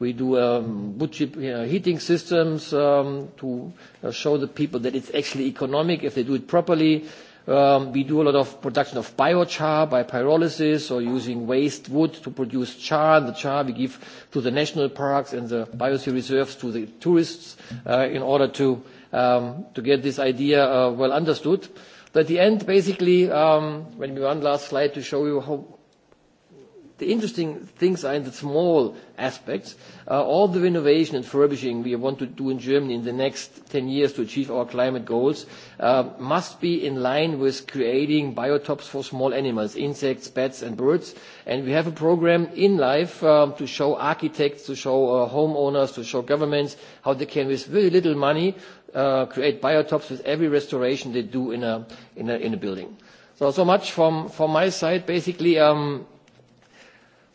[SPEAKER 10] We do um, wood chip uh, heating systems um, to uh, show the people that it's actually economic if they do it properly. Um, we do a lot of production of biochar by pyrolysis or using waste wood to produce char. The char we give to the national parks and the biosphere reserves to the tourists uh, in order to, um, to get this idea uh, well understood. But at the end, basically, um, when we run last slide to show you how The interesting things are in the small aspects. Uh, all the renovation and furbishing we want to do in Germany in the next 10 years to achieve our climate goals uh, must be in line with creating biotopes for small animals, insects, bats, and birds. And we have a program in life um, to show architects, to show uh, homeowners, to show governments how they can, with very little money, uh, create biotopes with every restoration they do in a, in a, in a building. So, so much from, from my side. Basically, um,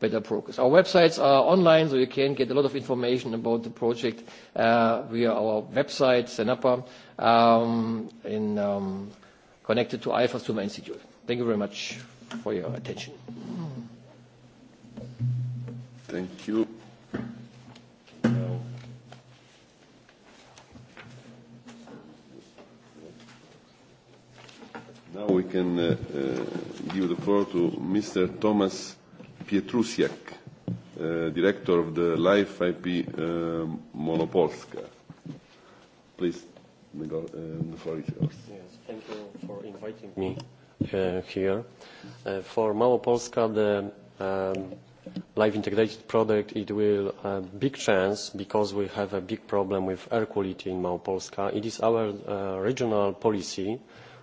[SPEAKER 10] better progress. Our websites are online, so you can get a lot of information about the project uh, via our website, CENAPA, um, in, um, connected to IFA's Tumor Institute. Thank you very much for your attention.
[SPEAKER 7] Thank you. Now, now we can uh, uh, give the floor to Mr. Thomas Pietrusiak, uh, director of the Life IP uh, Monopolska. Please, Miguel, uh, the floor is
[SPEAKER 11] yours. Yes, thank you for inviting me uh, here. Uh, for Małopolska, the um, live integrated product, it will a uh, big chance because we have a big problem with air quality in Małopolska. It is our uh, regional policy uh,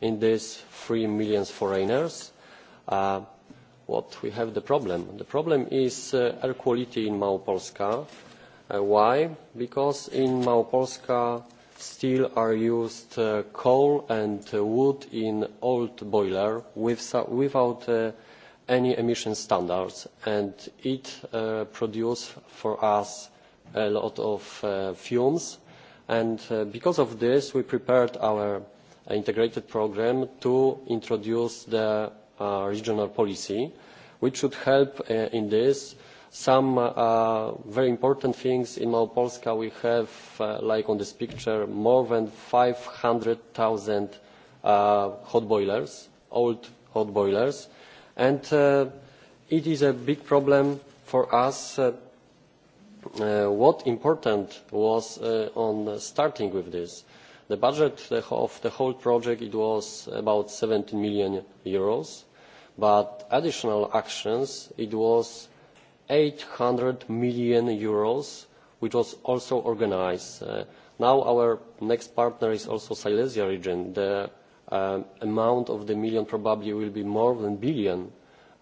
[SPEAKER 11] in these 3 million foreigners. Uh, what we have the problem? The problem is uh, air quality in Małopolska. Uh, why? Because in Małopolska still are used uh, coal and uh, wood in old boiler with, without uh, any emission standards and it uh, produces for us a lot of uh, fumes and uh, because of this we prepared our integrated programme to introduce the uh, regional policy, which should help uh, in this. Some uh, very important things in Małopolska we have, uh, like on this picture, more than 500,000 uh, hot boilers, old hot boilers, and uh, it is a big problem for us uh, uh, what important was uh, on starting with this. Uh, the budget of the whole project was about eur seventeen million but additional actions it was eur eight hundred million which was also organised. Uh, now our next partner is also the silesia region. the uh, amount of the million probably will be more than a billion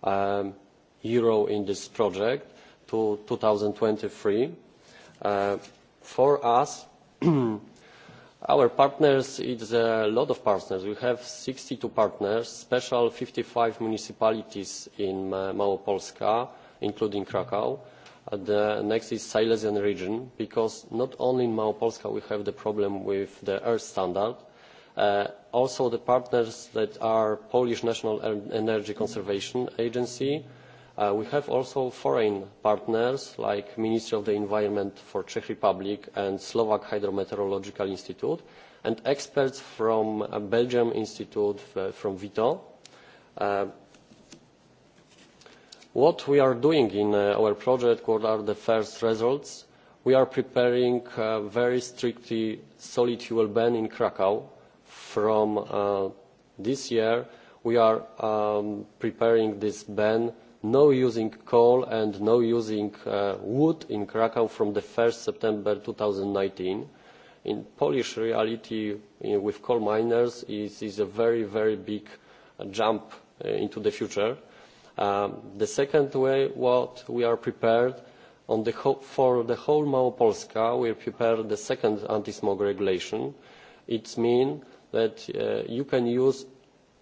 [SPEAKER 11] um, euro in this project to two thousand and twenty three uh, for us <clears throat> our partners it's a lot of partners we have sixty two partners special fifty five municipalities in małopolska including krakow uh, the next is silesian region because not only in małopolska we have the problem with the air standard uh, also the partners that are polish national energy conservation agency uh, Uh, we have also foreign partners like Ministry of the Environment for Czech Republic and Slovak Hydrometeorological Institute and experts from uh, Belgium Institute uh, from Vito. Uh, what we are doing in uh, our project, what are the first results? We are preparing a very strictly solid fuel ban in Krakow from uh, this year. We are um, preparing this ban uh, no using coal and no using uh, wood in krakow from one september. two thousand and nineteen in polish reality you know, with coal miners it is a very very big uh, jump uh, into the future. Um, the second way what we are prepared on the whole, for the whole Małopolska we prepared the second anti-smog regulation. It means that uh, you can use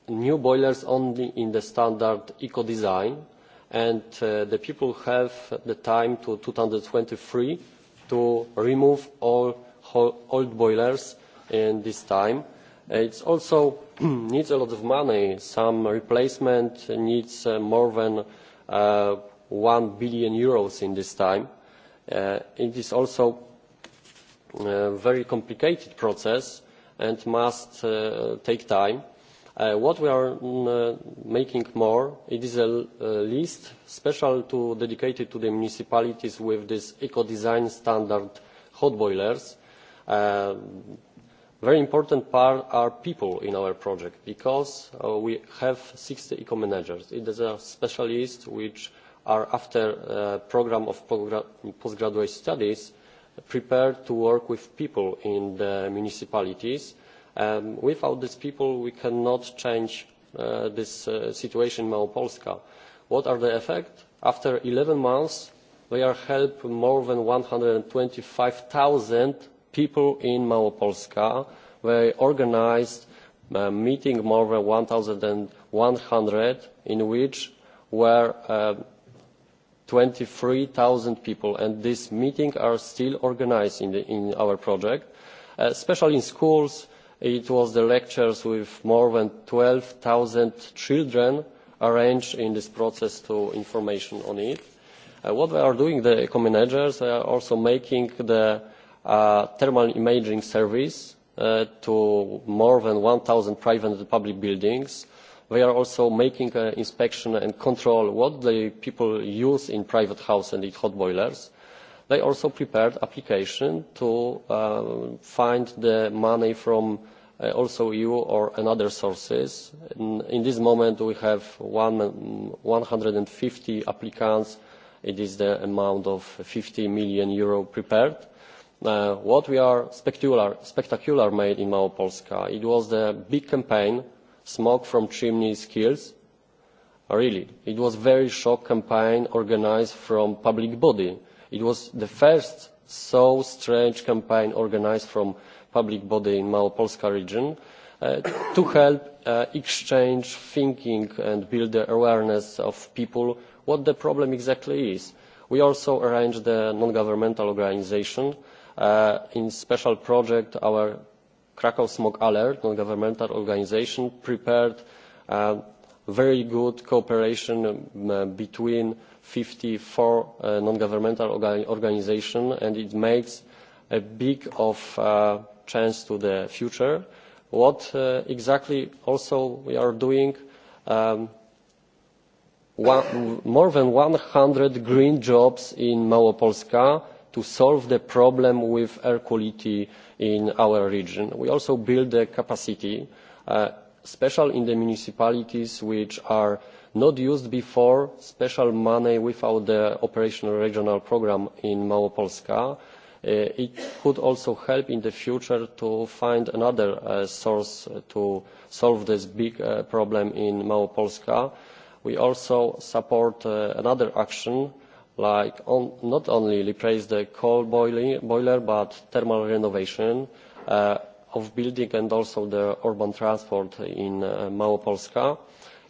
[SPEAKER 11] new boilers only in the standard eco design and uh, the people have the time to two thousand and twenty three to remove all old boilers in this time. Uh, it also <clears throat> needs a lot of money. some replacement needs uh, more than eur uh, one billion Euros in this time. Uh, it is also a uh, very complicated process and must take time Uh, what we are um, making more it is a, a list special to, dedicated to the municipalities with these eco design standard hot boilers. a uh, very important part are people in our project because uh, we have sixty eco managers. it is a specialist which are after a uh, programme of postgraduate studies prepared to work with people in the municipalities Um, without these people, we cannot change uh, this uh, situation in Małopolska. What are the effects? After 11 months, they are helped more than 125,000 people in Małopolska. They organized a uh, meeting more than 1,100 in which were uh, um, 23,000 people. And these meetings are still organized in, the, in our project, uh, especially in schools, it was the lectures with more than twelve zero children arranged in this process to information on it. Uh, what they are doing, the eco managers, they are also making the uh, thermal imaging service uh, to more than 1,000 private and public buildings. They are also making uh, inspection and control what the people use in private house and in hot boilers. Uh, they also prepared application to um, find the money from uh, also EU or another sources. In, in this moment we have one, um, 150 applicants. It is the amount of 50 million euro prepared. Uh, what we are spectacular, spectacular made in Małopolska, it was the big campaign, Smoke from Chimney Skills. Really, it was very shock campaign organized from public body it was the first so strange campaign organised from a public body in małopolska region uh, to help uh, exchange thinking and build the awareness of people what the problem exactly is. we also arranged a non governmental organisation uh, in a special project our krakow smog alert non governmental organisation prepared uh, very good cooperation um, uh, between fifty four uh, non governmental organisations and it makes a big uh, chance to the future. what exactly also we are doing um, one, more than one hundred green jobs in małopolska to solve the problem with air quality in our region. we also build the capacity uh, especially in the municipalities which are not used before special money without the operational regional programme in małopolska. Uh, it could also help in the future to find another uh, source to solve this big uh, problem in małopolska. we also support another action like on, not only replace the coal boiling, boiler but thermal renovation of building and also the urban transport in uh, Małopolska.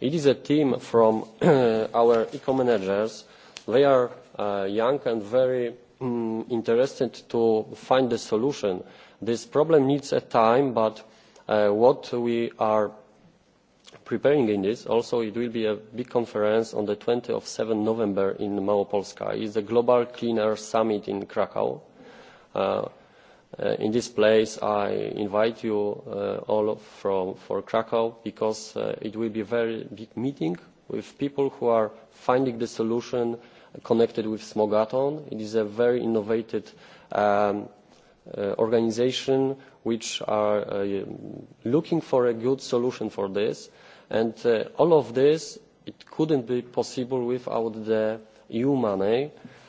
[SPEAKER 11] It is a team from uh, our eco-managers. They are uh, young and very um, interested to find the solution. This problem needs a time, but uh, what we are preparing in this, also it will be a big conference on the 27 November in Małopolska. It's the Global Clean Air Summit in Krakow. Uh, Uh, in this place, I invite you uh, all from for Krakow because uh, it will be a very big meeting with people who are finding the solution connected with Smogaton. It is a very innovative um, uh, organization which are uh, looking for a good solution for this. And uh, all of this, it couldn't be possible without the EU money. Mm-hmm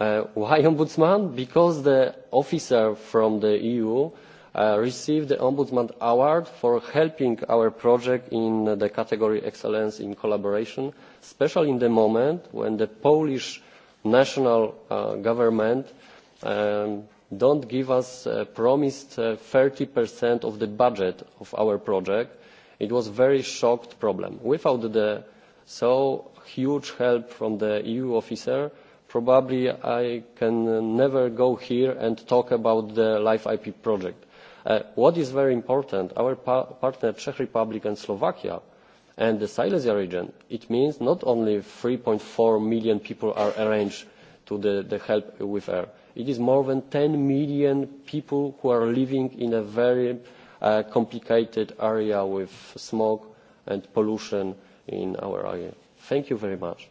[SPEAKER 11] Uh, why <laughs> ombudsman? Because the officer from the EU uh, received the Ombudsman Award for helping our project in the category Excellence in Collaboration, especially in the moment when the Polish national uh, government um, don't give us uh, promised uh, 30% of the budget of our project. It was a very shocked problem. Without the so huge help from the EU officer, uh, probably i can uh, never go here and talk about the life ip project. Uh, what is very important our pa partner czech republic and slovakia and the silesia region it means not only. three four million people are arranged to the, the help with air it is more than ten million people who are living in a very uh, complicated area with smog and pollution in our area. thank you very much.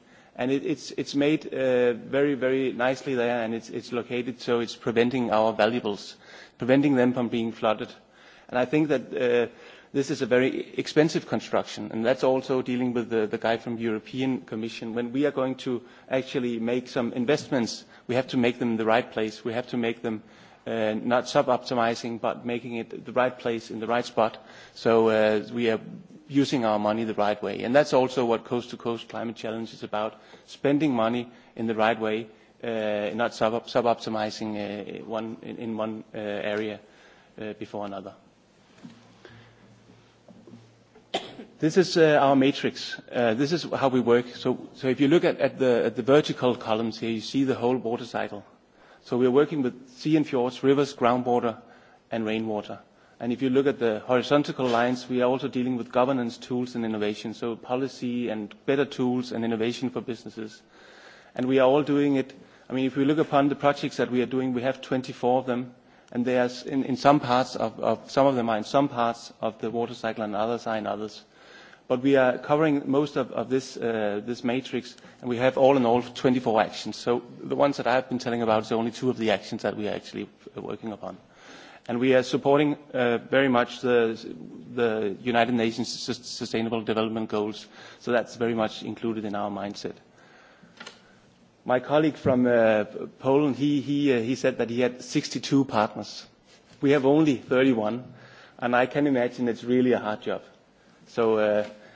[SPEAKER 9] and it, it's it's made uh, very very nicely there, and it's it's located so it's preventing our valuables, preventing them from being flooded, and I think that. Uh, this is a very expensive construction, and that's also dealing with the, the guy from the European Commission. When we are going to actually make some investments, we have to make them in the right place. We have to make them uh, uh, not sub-optimizing, but making it the right place in the right spot. So uh, we are using our money the right way. And that's also what Coast to Coast Climate Challenge is about, spending money in the right way, uh, not sub-optimizing sub, -op sub -optimizing, uh, one, in, in one uh, area uh, before another. This is uh, our matrix. Uh, this is how we work. So, so if you look at, at, the, at the vertical columns here, you see the whole water cycle. So we are working with sea and fjords, rivers, groundwater, and rainwater. And if you look at the horizontal lines, we are also dealing with governance tools and innovation, so policy and better tools and innovation for businesses. And we are all doing it. I mean, if we look upon the projects that we are doing, we have 24 of them, and there's in, in some parts of, of some of them are in some parts of the water cycle, and others are in others but we are covering most of, of this, uh, this matrix, and we have all in all 24 actions. So the ones that I've been telling about is only two of the actions that we are actually uh, working upon. And we are supporting uh, very much the, the United Nations Sustainable Development Goals, so that's very much included in our mindset. My colleague from uh, Poland, he, he, uh, he said that he had 62 partners. We have only 31, and I can imagine it's really a hard job. So uh,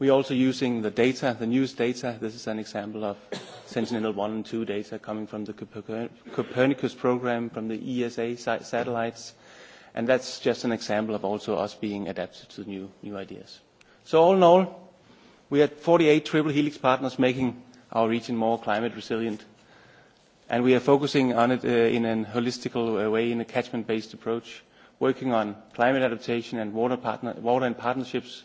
[SPEAKER 9] We're also using the data, the news data. This is an example of Sentinel-1 and 2 data coming from the Copernicus program, from the ESA satellites. And that's just an example of also us being adapted to new, new ideas. So all in all, we had 48 triple helix partners making our region more climate resilient. And we are focusing on it uh, in a holistic uh, way, in a catchment-based approach, working on climate adaptation and water, partner, water and partnerships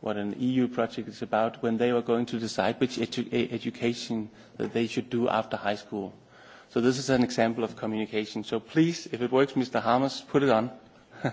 [SPEAKER 9] what an EU project is about when they were going to decide which edu- e, education that they should do after high school. So this is an example of communication. So please, if it works, Mr. Harmers, put it on. <laughs>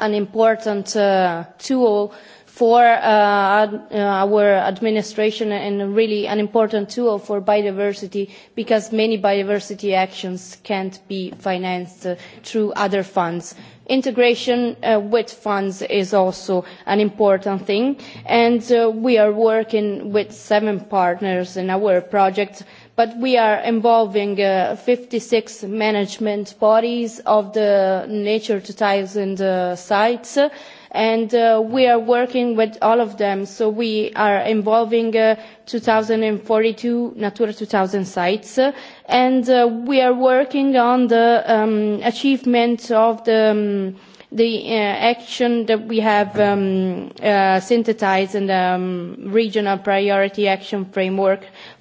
[SPEAKER 12] an important uh, tool for uh, uh, our administration and really an important tool for biodiversity because many biodiversity actions can't be financed uh, through other funds. Integration uh, with funds is also an important thing and uh, we are working with seven partners in our project but we are involving uh, 56 management bodies of the Nature 2000 uh, sites, and uh, we are working with all of them. So we are involving uh, 2,042 Natura 2000 sites, uh, and uh, we are working on the um, achievement of the um, the uh, action that we have um, uh, synthesized in the um, regional priority action framework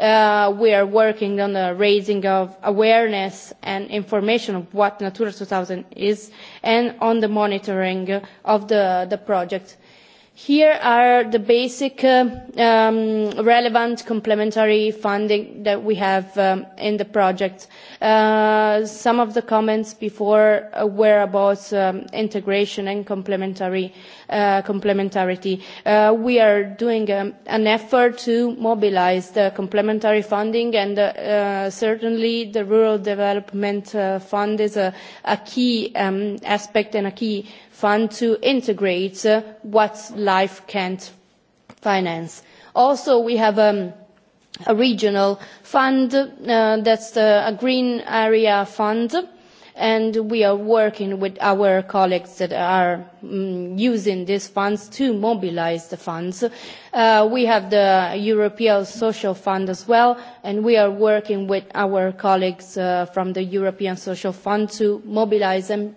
[SPEAKER 12] Uh, we are working on the raising of awareness and information of what Natura 2000 is and on the monitoring of the, the project Here are the basic uh, um, relevant complementary funding that we have um, in the project. Uh, some of the comments before uh, were about um, integration and complementary, uh, complementarity. Uh, we are doing um, an effort to mobilize the complementary funding and uh, uh, certainly the Rural Development uh, Fund is a, a key um, aspect and a key fund to integrate uh, what life can't finance. Also, we have um, a regional fund, uh, that's the, a green area fund, and we are working with our colleagues that are um, using these funds to mobilize the funds. Uh, we have the European Social Fund as well, and we are working with our colleagues uh, from the European Social Fund to mobilize and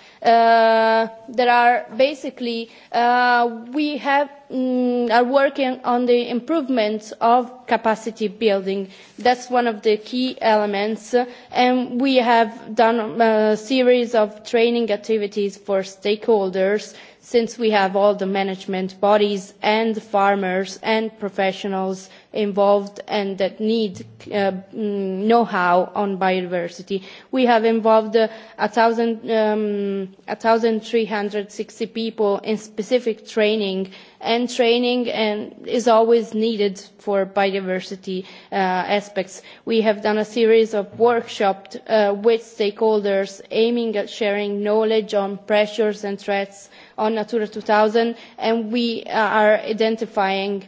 [SPEAKER 12] Uh, there are basically uh, we have um, are working on the improvement of capacity building. That's one of the key elements, and we have done a uh, series of training activities for stakeholders uh, since we have all the management bodies and farmers and professionals involved and that need uh, mm, know-how on biodiversity. We have involved uh, 1,360 um, 1, people in specific training uh, and training and is always needed for biodiversity uh, aspects. We have done a series of workshops uh, with stakeholders aiming at sharing knowledge on pressures and threats on Natura 2000 and we uh, are identifying uh,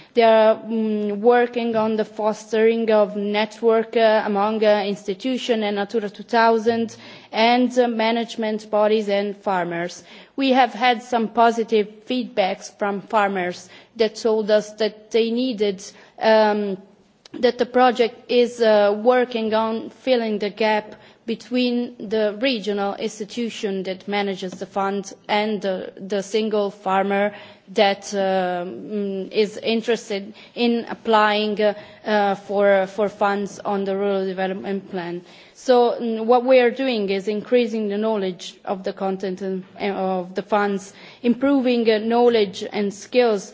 [SPEAKER 12] They are um, working on the fostering of network uh, among uh, institutions and Natura 2000 and uh, management bodies and farmers. We have had some positive feedbacks from farmers that told us that they needed um, that the project is uh, working on filling the gap between the regional institution that manages the fund and the, the single farmer that uh, mm, is interested in applying uh, uh, for, for funds on the rural development plan. So um, what we are doing is increasing the knowledge of the content and, uh, of the funds, improving uh, knowledge and skills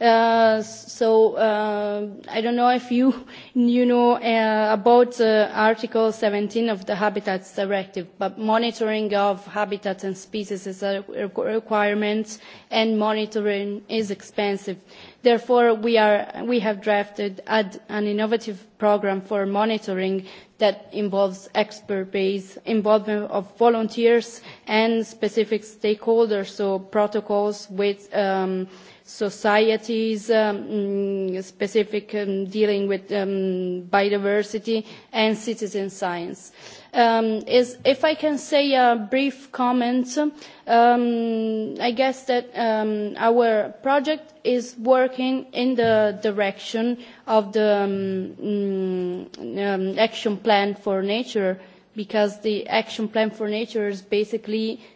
[SPEAKER 12] Uh, so uh, I don't know if you <laughs> you know uh, about uh, Article 17 of the Habitats Directive, but monitoring of habitats and species is a requirement, and monitoring is expensive. Uh, Therefore, we, are, we have drafted ad, an innovative program for monitoring that involves expert-based involvement of volunteers and specific stakeholders, so protocols with um, societies, um, mm, specific um, dealing with um, biodiversity and citizen science. Uh, um, is if I can say a brief comment, um, I guess that um, our project is working in the direction of the um, mm, um, action plan for nature because the action plan for nature is basically uh,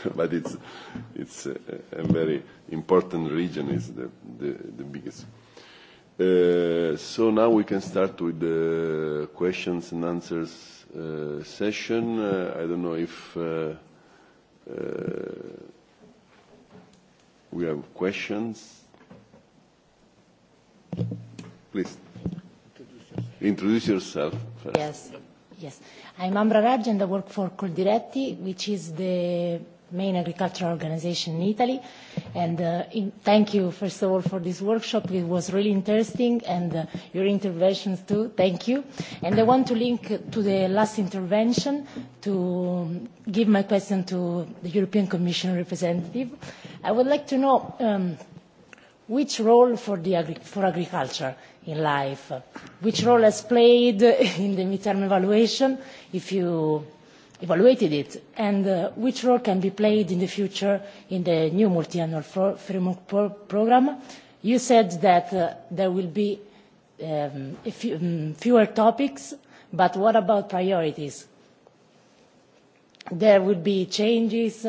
[SPEAKER 7] <laughs> but it's, it's a, a very important region, is the, the, the biggest. Uh, so now we can start with the questions and answers uh, session. Uh, I don't know if uh, uh, we have questions. Please. Introduce yourself first. Yes.
[SPEAKER 4] Yes. I'm Ambra Raj and I work for Coldiretti, which is the main agricultural organization in Italy. And uh, in, thank you, first of all, for this workshop. It was really interesting, and uh, your interventions too. Thank you. And I want to link to the last intervention to um, give my question to the European Commission representative. I would like to know um, which role for, the agri- for agriculture in life, which role has played <laughs> in the midterm evaluation, if you evaluated it and uh, which role can be played in the future in the new multi-annual framework pro program. You said that uh, there will be um, a few, um, fewer topics, but what about priorities? There will be changes,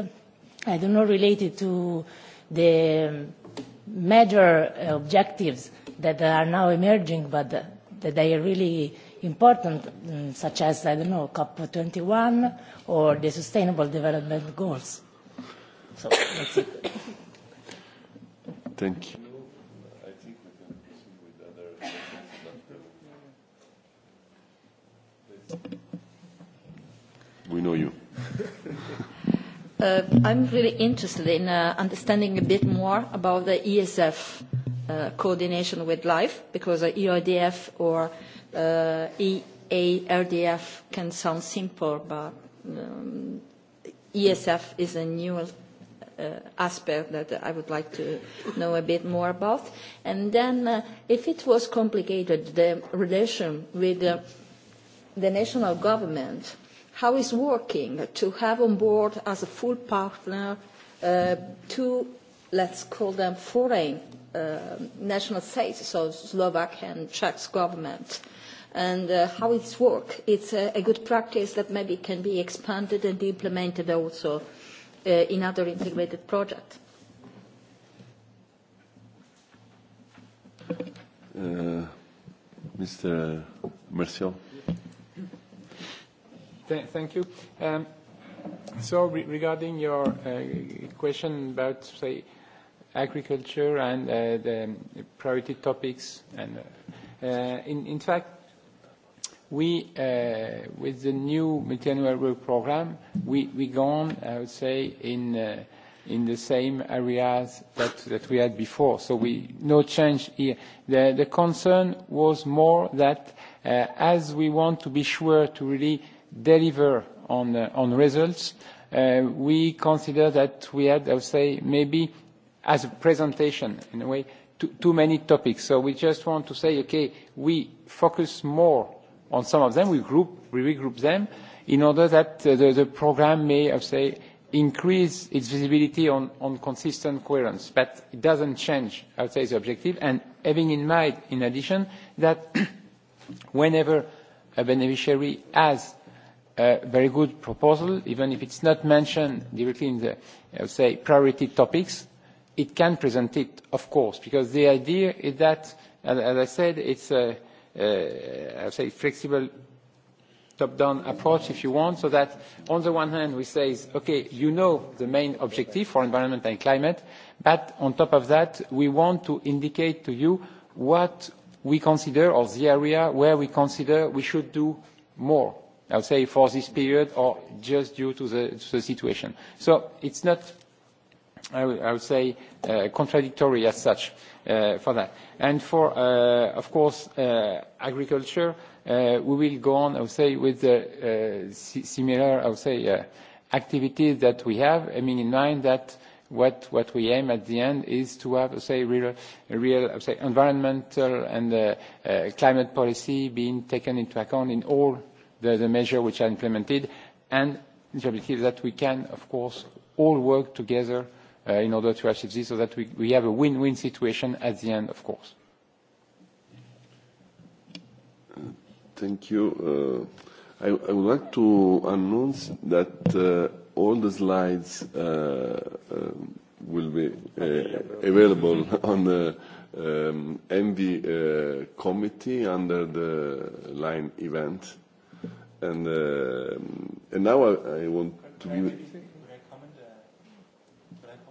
[SPEAKER 4] I don't know, related to the major uh, objectives that are now emerging, but uh, that they are really important, um, such as, I don't know, COP21 or the Sustainable Development Goals. So that's
[SPEAKER 9] it.
[SPEAKER 7] Thank you. We know you.
[SPEAKER 8] <laughs> uh, I'm really interested in uh, understanding a bit more about the ESF uh, coordination with life because the uh, EIDF or uh, uh, EARDF can sound simple, but um, ESF is a new uh, aspect that I would like to know a bit more about. And then uh, if it was complicated, the relation with uh, the national government, how is working to have on board as a full partner uh, two, let's call them foreign uh, national states, so Slovak and Czech government. Uh, and uh, how it's work. It's a, a good practice that maybe can be expanded and implemented also uh, in other integrated projects.
[SPEAKER 7] Uh, Mr. Martial.
[SPEAKER 3] Th thank you. Um, so re regarding your uh, question about, say, agriculture and uh, the priority topics, and uh, in, in fact, we, uh, with the new multi-annual work program, we, we gone, I would say, in, uh, in the same areas that, that we had before. So we, no change here. The, the concern was more that uh, as we want to be sure to really deliver on, uh, on results, uh, we consider that we had, I would say, maybe as a presentation, in a way, too, too many topics. So we just want to say, okay, we focus more on some of them. We group, we regroup them in order that uh, the, the program may, I say, increase its visibility on, on consistent coherence. But it doesn't change, I would say, the objective. And having in mind, in addition, that <clears throat> whenever a beneficiary has a very good proposal, even if it's not mentioned directly in the, I would say, priority topics, it can present it, of course, because the idea is that, as, as I said, it's a uh, say, flexible top-down approach, if you want, so that on the one hand, we say, "Okay, you know the main objective for environment and climate, but on top of that, we want to indicate to you what we consider or the area where we consider we should do more, I would say, for this period or just due to the, to the situation." So it's not I would, I would say, uh, contradictory as such uh, for that. And for, uh, of course, uh, agriculture, uh, we will go on, I would say, with the uh, si similar, I would say, uh, activities that we have, I mean, in mind that what, what we aim at the end is to have, say, real, real say, environmental and uh, uh, climate policy being taken into account in all the, the measures which are implemented, and the objective that we can, of course, all work together uh, uh, in order to achieve this so that we, we have a win-win situation at the end, of course.
[SPEAKER 7] Thank you. Uh, I, I would like to announce that uh, all the slides uh, um, will be uh, available <laughs> on the um, ENVI uh, committee under the line event. And, and now I, I want to give- Can I add
[SPEAKER 9] anything?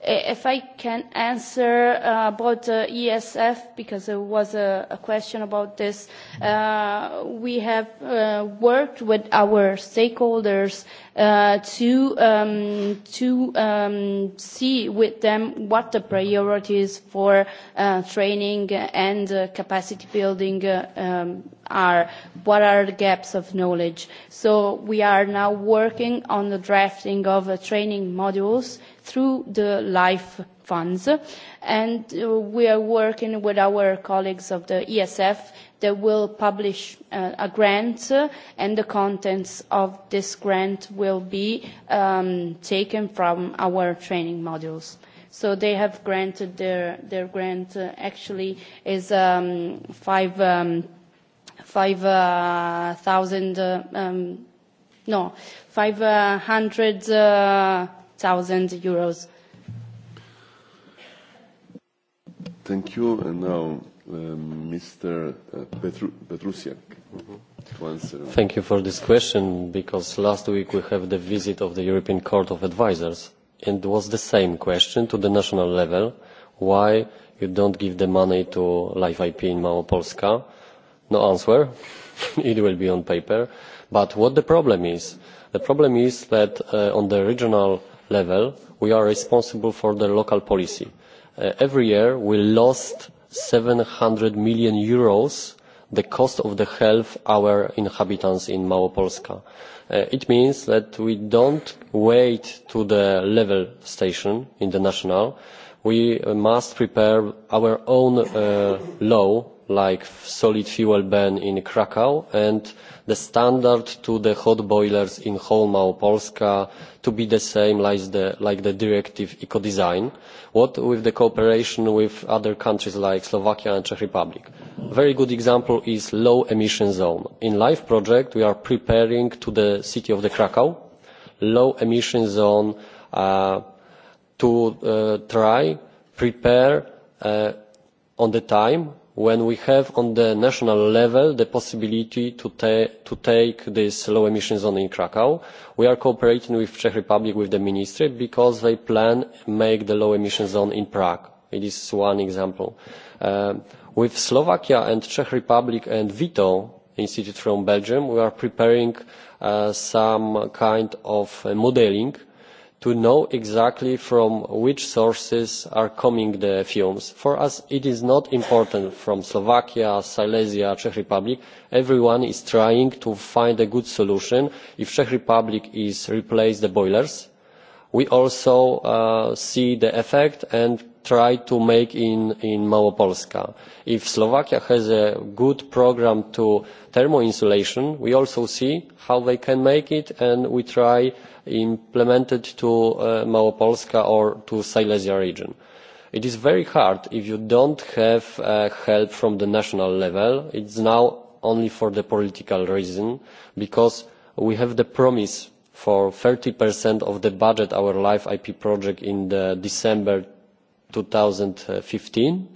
[SPEAKER 12] If I can answer uh, about uh, ESF, because there was a, a question about this, uh, we have uh, worked with our stakeholders uh, to, um, to um, see with them what the priorities for uh, training and uh, capacity building uh, um, are what are the gaps of knowledge. So we are now working on the drafting of uh, training modules through the LIFE funds, and uh, we are working with our colleagues of the ESF that will publish uh, a grant, uh, and the contents of this grant will be um, taken from our training modules. So they have granted their, their grant uh, actually is um, five um, 5,000, uh, uh, um, no, 500,000 uh, euros.
[SPEAKER 7] Thank you. And now, um, uh, Mr. Petru Petrusiak
[SPEAKER 11] to mm-hmm. answer. Thank you for this question, because last week we have the visit of the European Court of Advisors, and it was the same question to the national level, why you don't give the money to Live IP in Małopolska no answer <laughs> it will be on paper but what the problem is the problem is that uh, on the regional level we are responsible for the local policy uh, every year we lost 700 million euros the cost of the health our inhabitants in Małopolska. Uh, it means that we don't wait to the level station in the national. We must prepare our own uh, law like solid fuel ban in krakow and the standard to the hot boilers in holma opolska to be the same as the, like the directive ecodesign what with the cooperation with other countries like slovakia and czech republic. a very good example is low emission zone. in life project we are preparing to the city of the krakow low emission zone uh, to uh, try prepare uh, on the time when we have on the national level the possibility to, ta to take this low emission zone in krakow. we are cooperating with the czech republic with the ministry because they plan to make the low emission zone in prague. it is one example. Um, with slovakia and czech republic and vito institute from belgium we are preparing uh, some kind of uh, modelling to know exactly from which sources are coming the fumes. for us it is not important from slovakia silesia or the czech republic. everyone is trying to find a good solution. if the czech republic replaces the boilers we also uh, see the effect try to make in, in Małopolska. If Slovakia has a good program to thermoinsulation, we also see how they can make it and we try implement it to uh, Małopolska or to Silesia region. It is very hard if you don't have uh, help from the national level. It's now only for the political reason because we have the promise for 30% of the budget our life ip project in the december 2015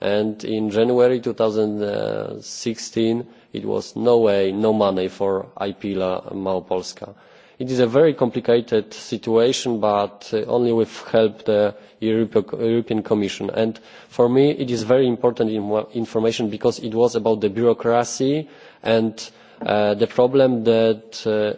[SPEAKER 11] and in January 2016 it was no way, no money for IPILA Małopolska. It is a very complicated situation, but uh, only with help the European Commission. And for me, it is very important information because it was about the bureaucracy and uh, the problem that uh,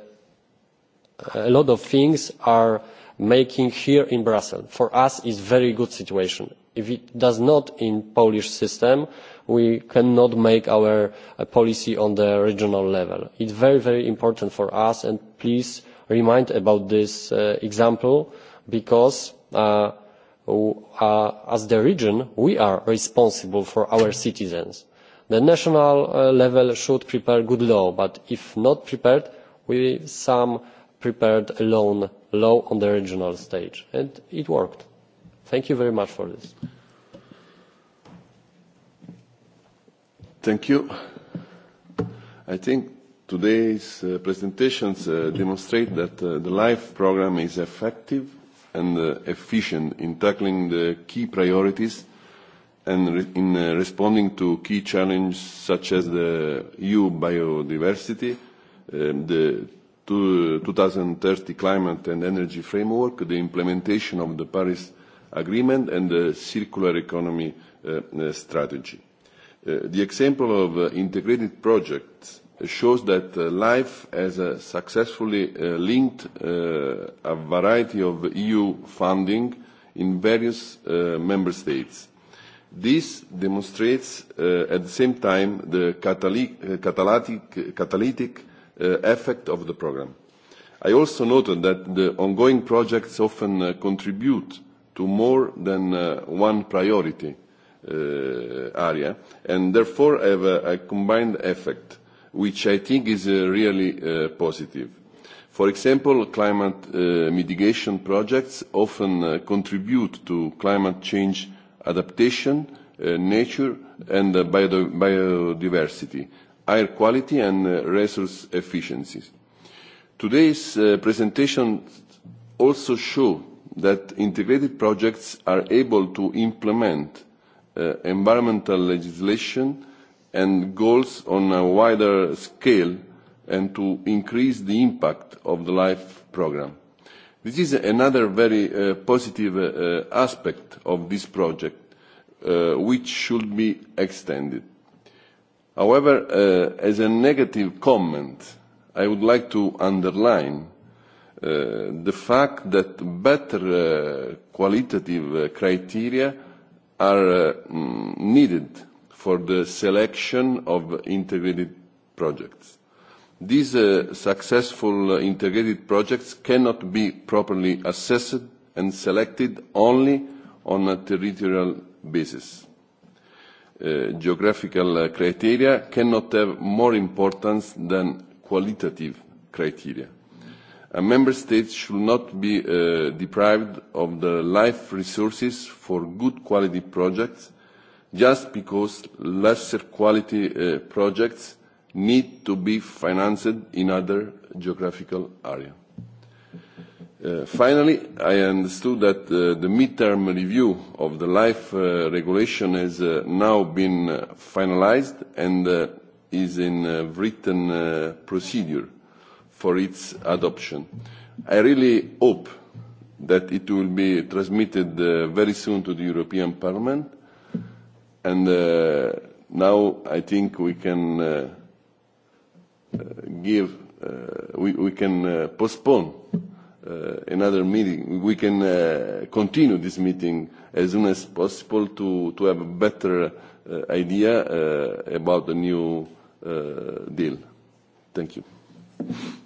[SPEAKER 11] a lot of things are making here in brussels for us is a very good situation. if it does not in the polish system we cannot make our uh, policy at the regional level. it is very very important for us and please remind about this uh, example because uh, uh, as the region we are responsible for our citizens. the national uh, level should prepare good law but if not prepared we some prepared alone law on the regional stage and it worked. thank you very much for this.
[SPEAKER 7] thank you. i think today's uh, presentations uh, demonstrate that uh, the life program is effective and uh, efficient in tackling the key priorities and re in uh, responding to key challenges such as the eu biodiversity, um, uh, the to 2030 uh, climate and energy framework, the implementation of the Paris Agreement, and the circular economy uh, uh strategy. Uh, the example of uh, integrated projects shows that uh, life has uh, successfully uh, linked uh, a variety of EU funding in various uh, member states. This demonstrates uh, at the same time the cataly uh, catalytic, catalytic uh, effect of the programme. I also noted that the ongoing projects often uh, contribute to more than uh, one priority uh, area and therefore have a, a combined effect, which I think is uh, really uh, positive. For example, climate uh, mitigation projects often uh, contribute to climate change adaptation, uh, nature and uh, biodiversity, air quality and uh, resource efficiencies. Today's uh, presentation also show that integrated projects are able to implement uh, environmental legislation and goals on a wider scale and to increase the impact of the LIFE programme. This is another very uh, positive uh, aspect of this project, uh, which should be extended However, uh, as a negative comment, I would like to underline uh, the fact that better uh, qualitative uh, criteria are uh, needed for the selection of integrated projects. These uh, successful uh, integrated projects cannot be properly assessed and selected only on a territorial basis uh, geographical uh, criteria cannot have more importance than qualitative criteria. And member states should not be uh, deprived of the life resources for good quality projects just because lesser quality uh, projects need to be financed in other geographical areas. Uh, finally, I understood that uh, the midterm review of the life uh, regulation has uh, now been uh, finalized and uh, is in uh, written uh, procedure for its adoption. I really hope that it will be transmitted uh, very soon to the European Parliament and uh, now I think we can uh, uh, give, uh, we, we can uh, postpone uh, another meeting. We can uh, continue this meeting as soon as possible to, to have a better uh, idea uh, about the new uh, deal. Thank you.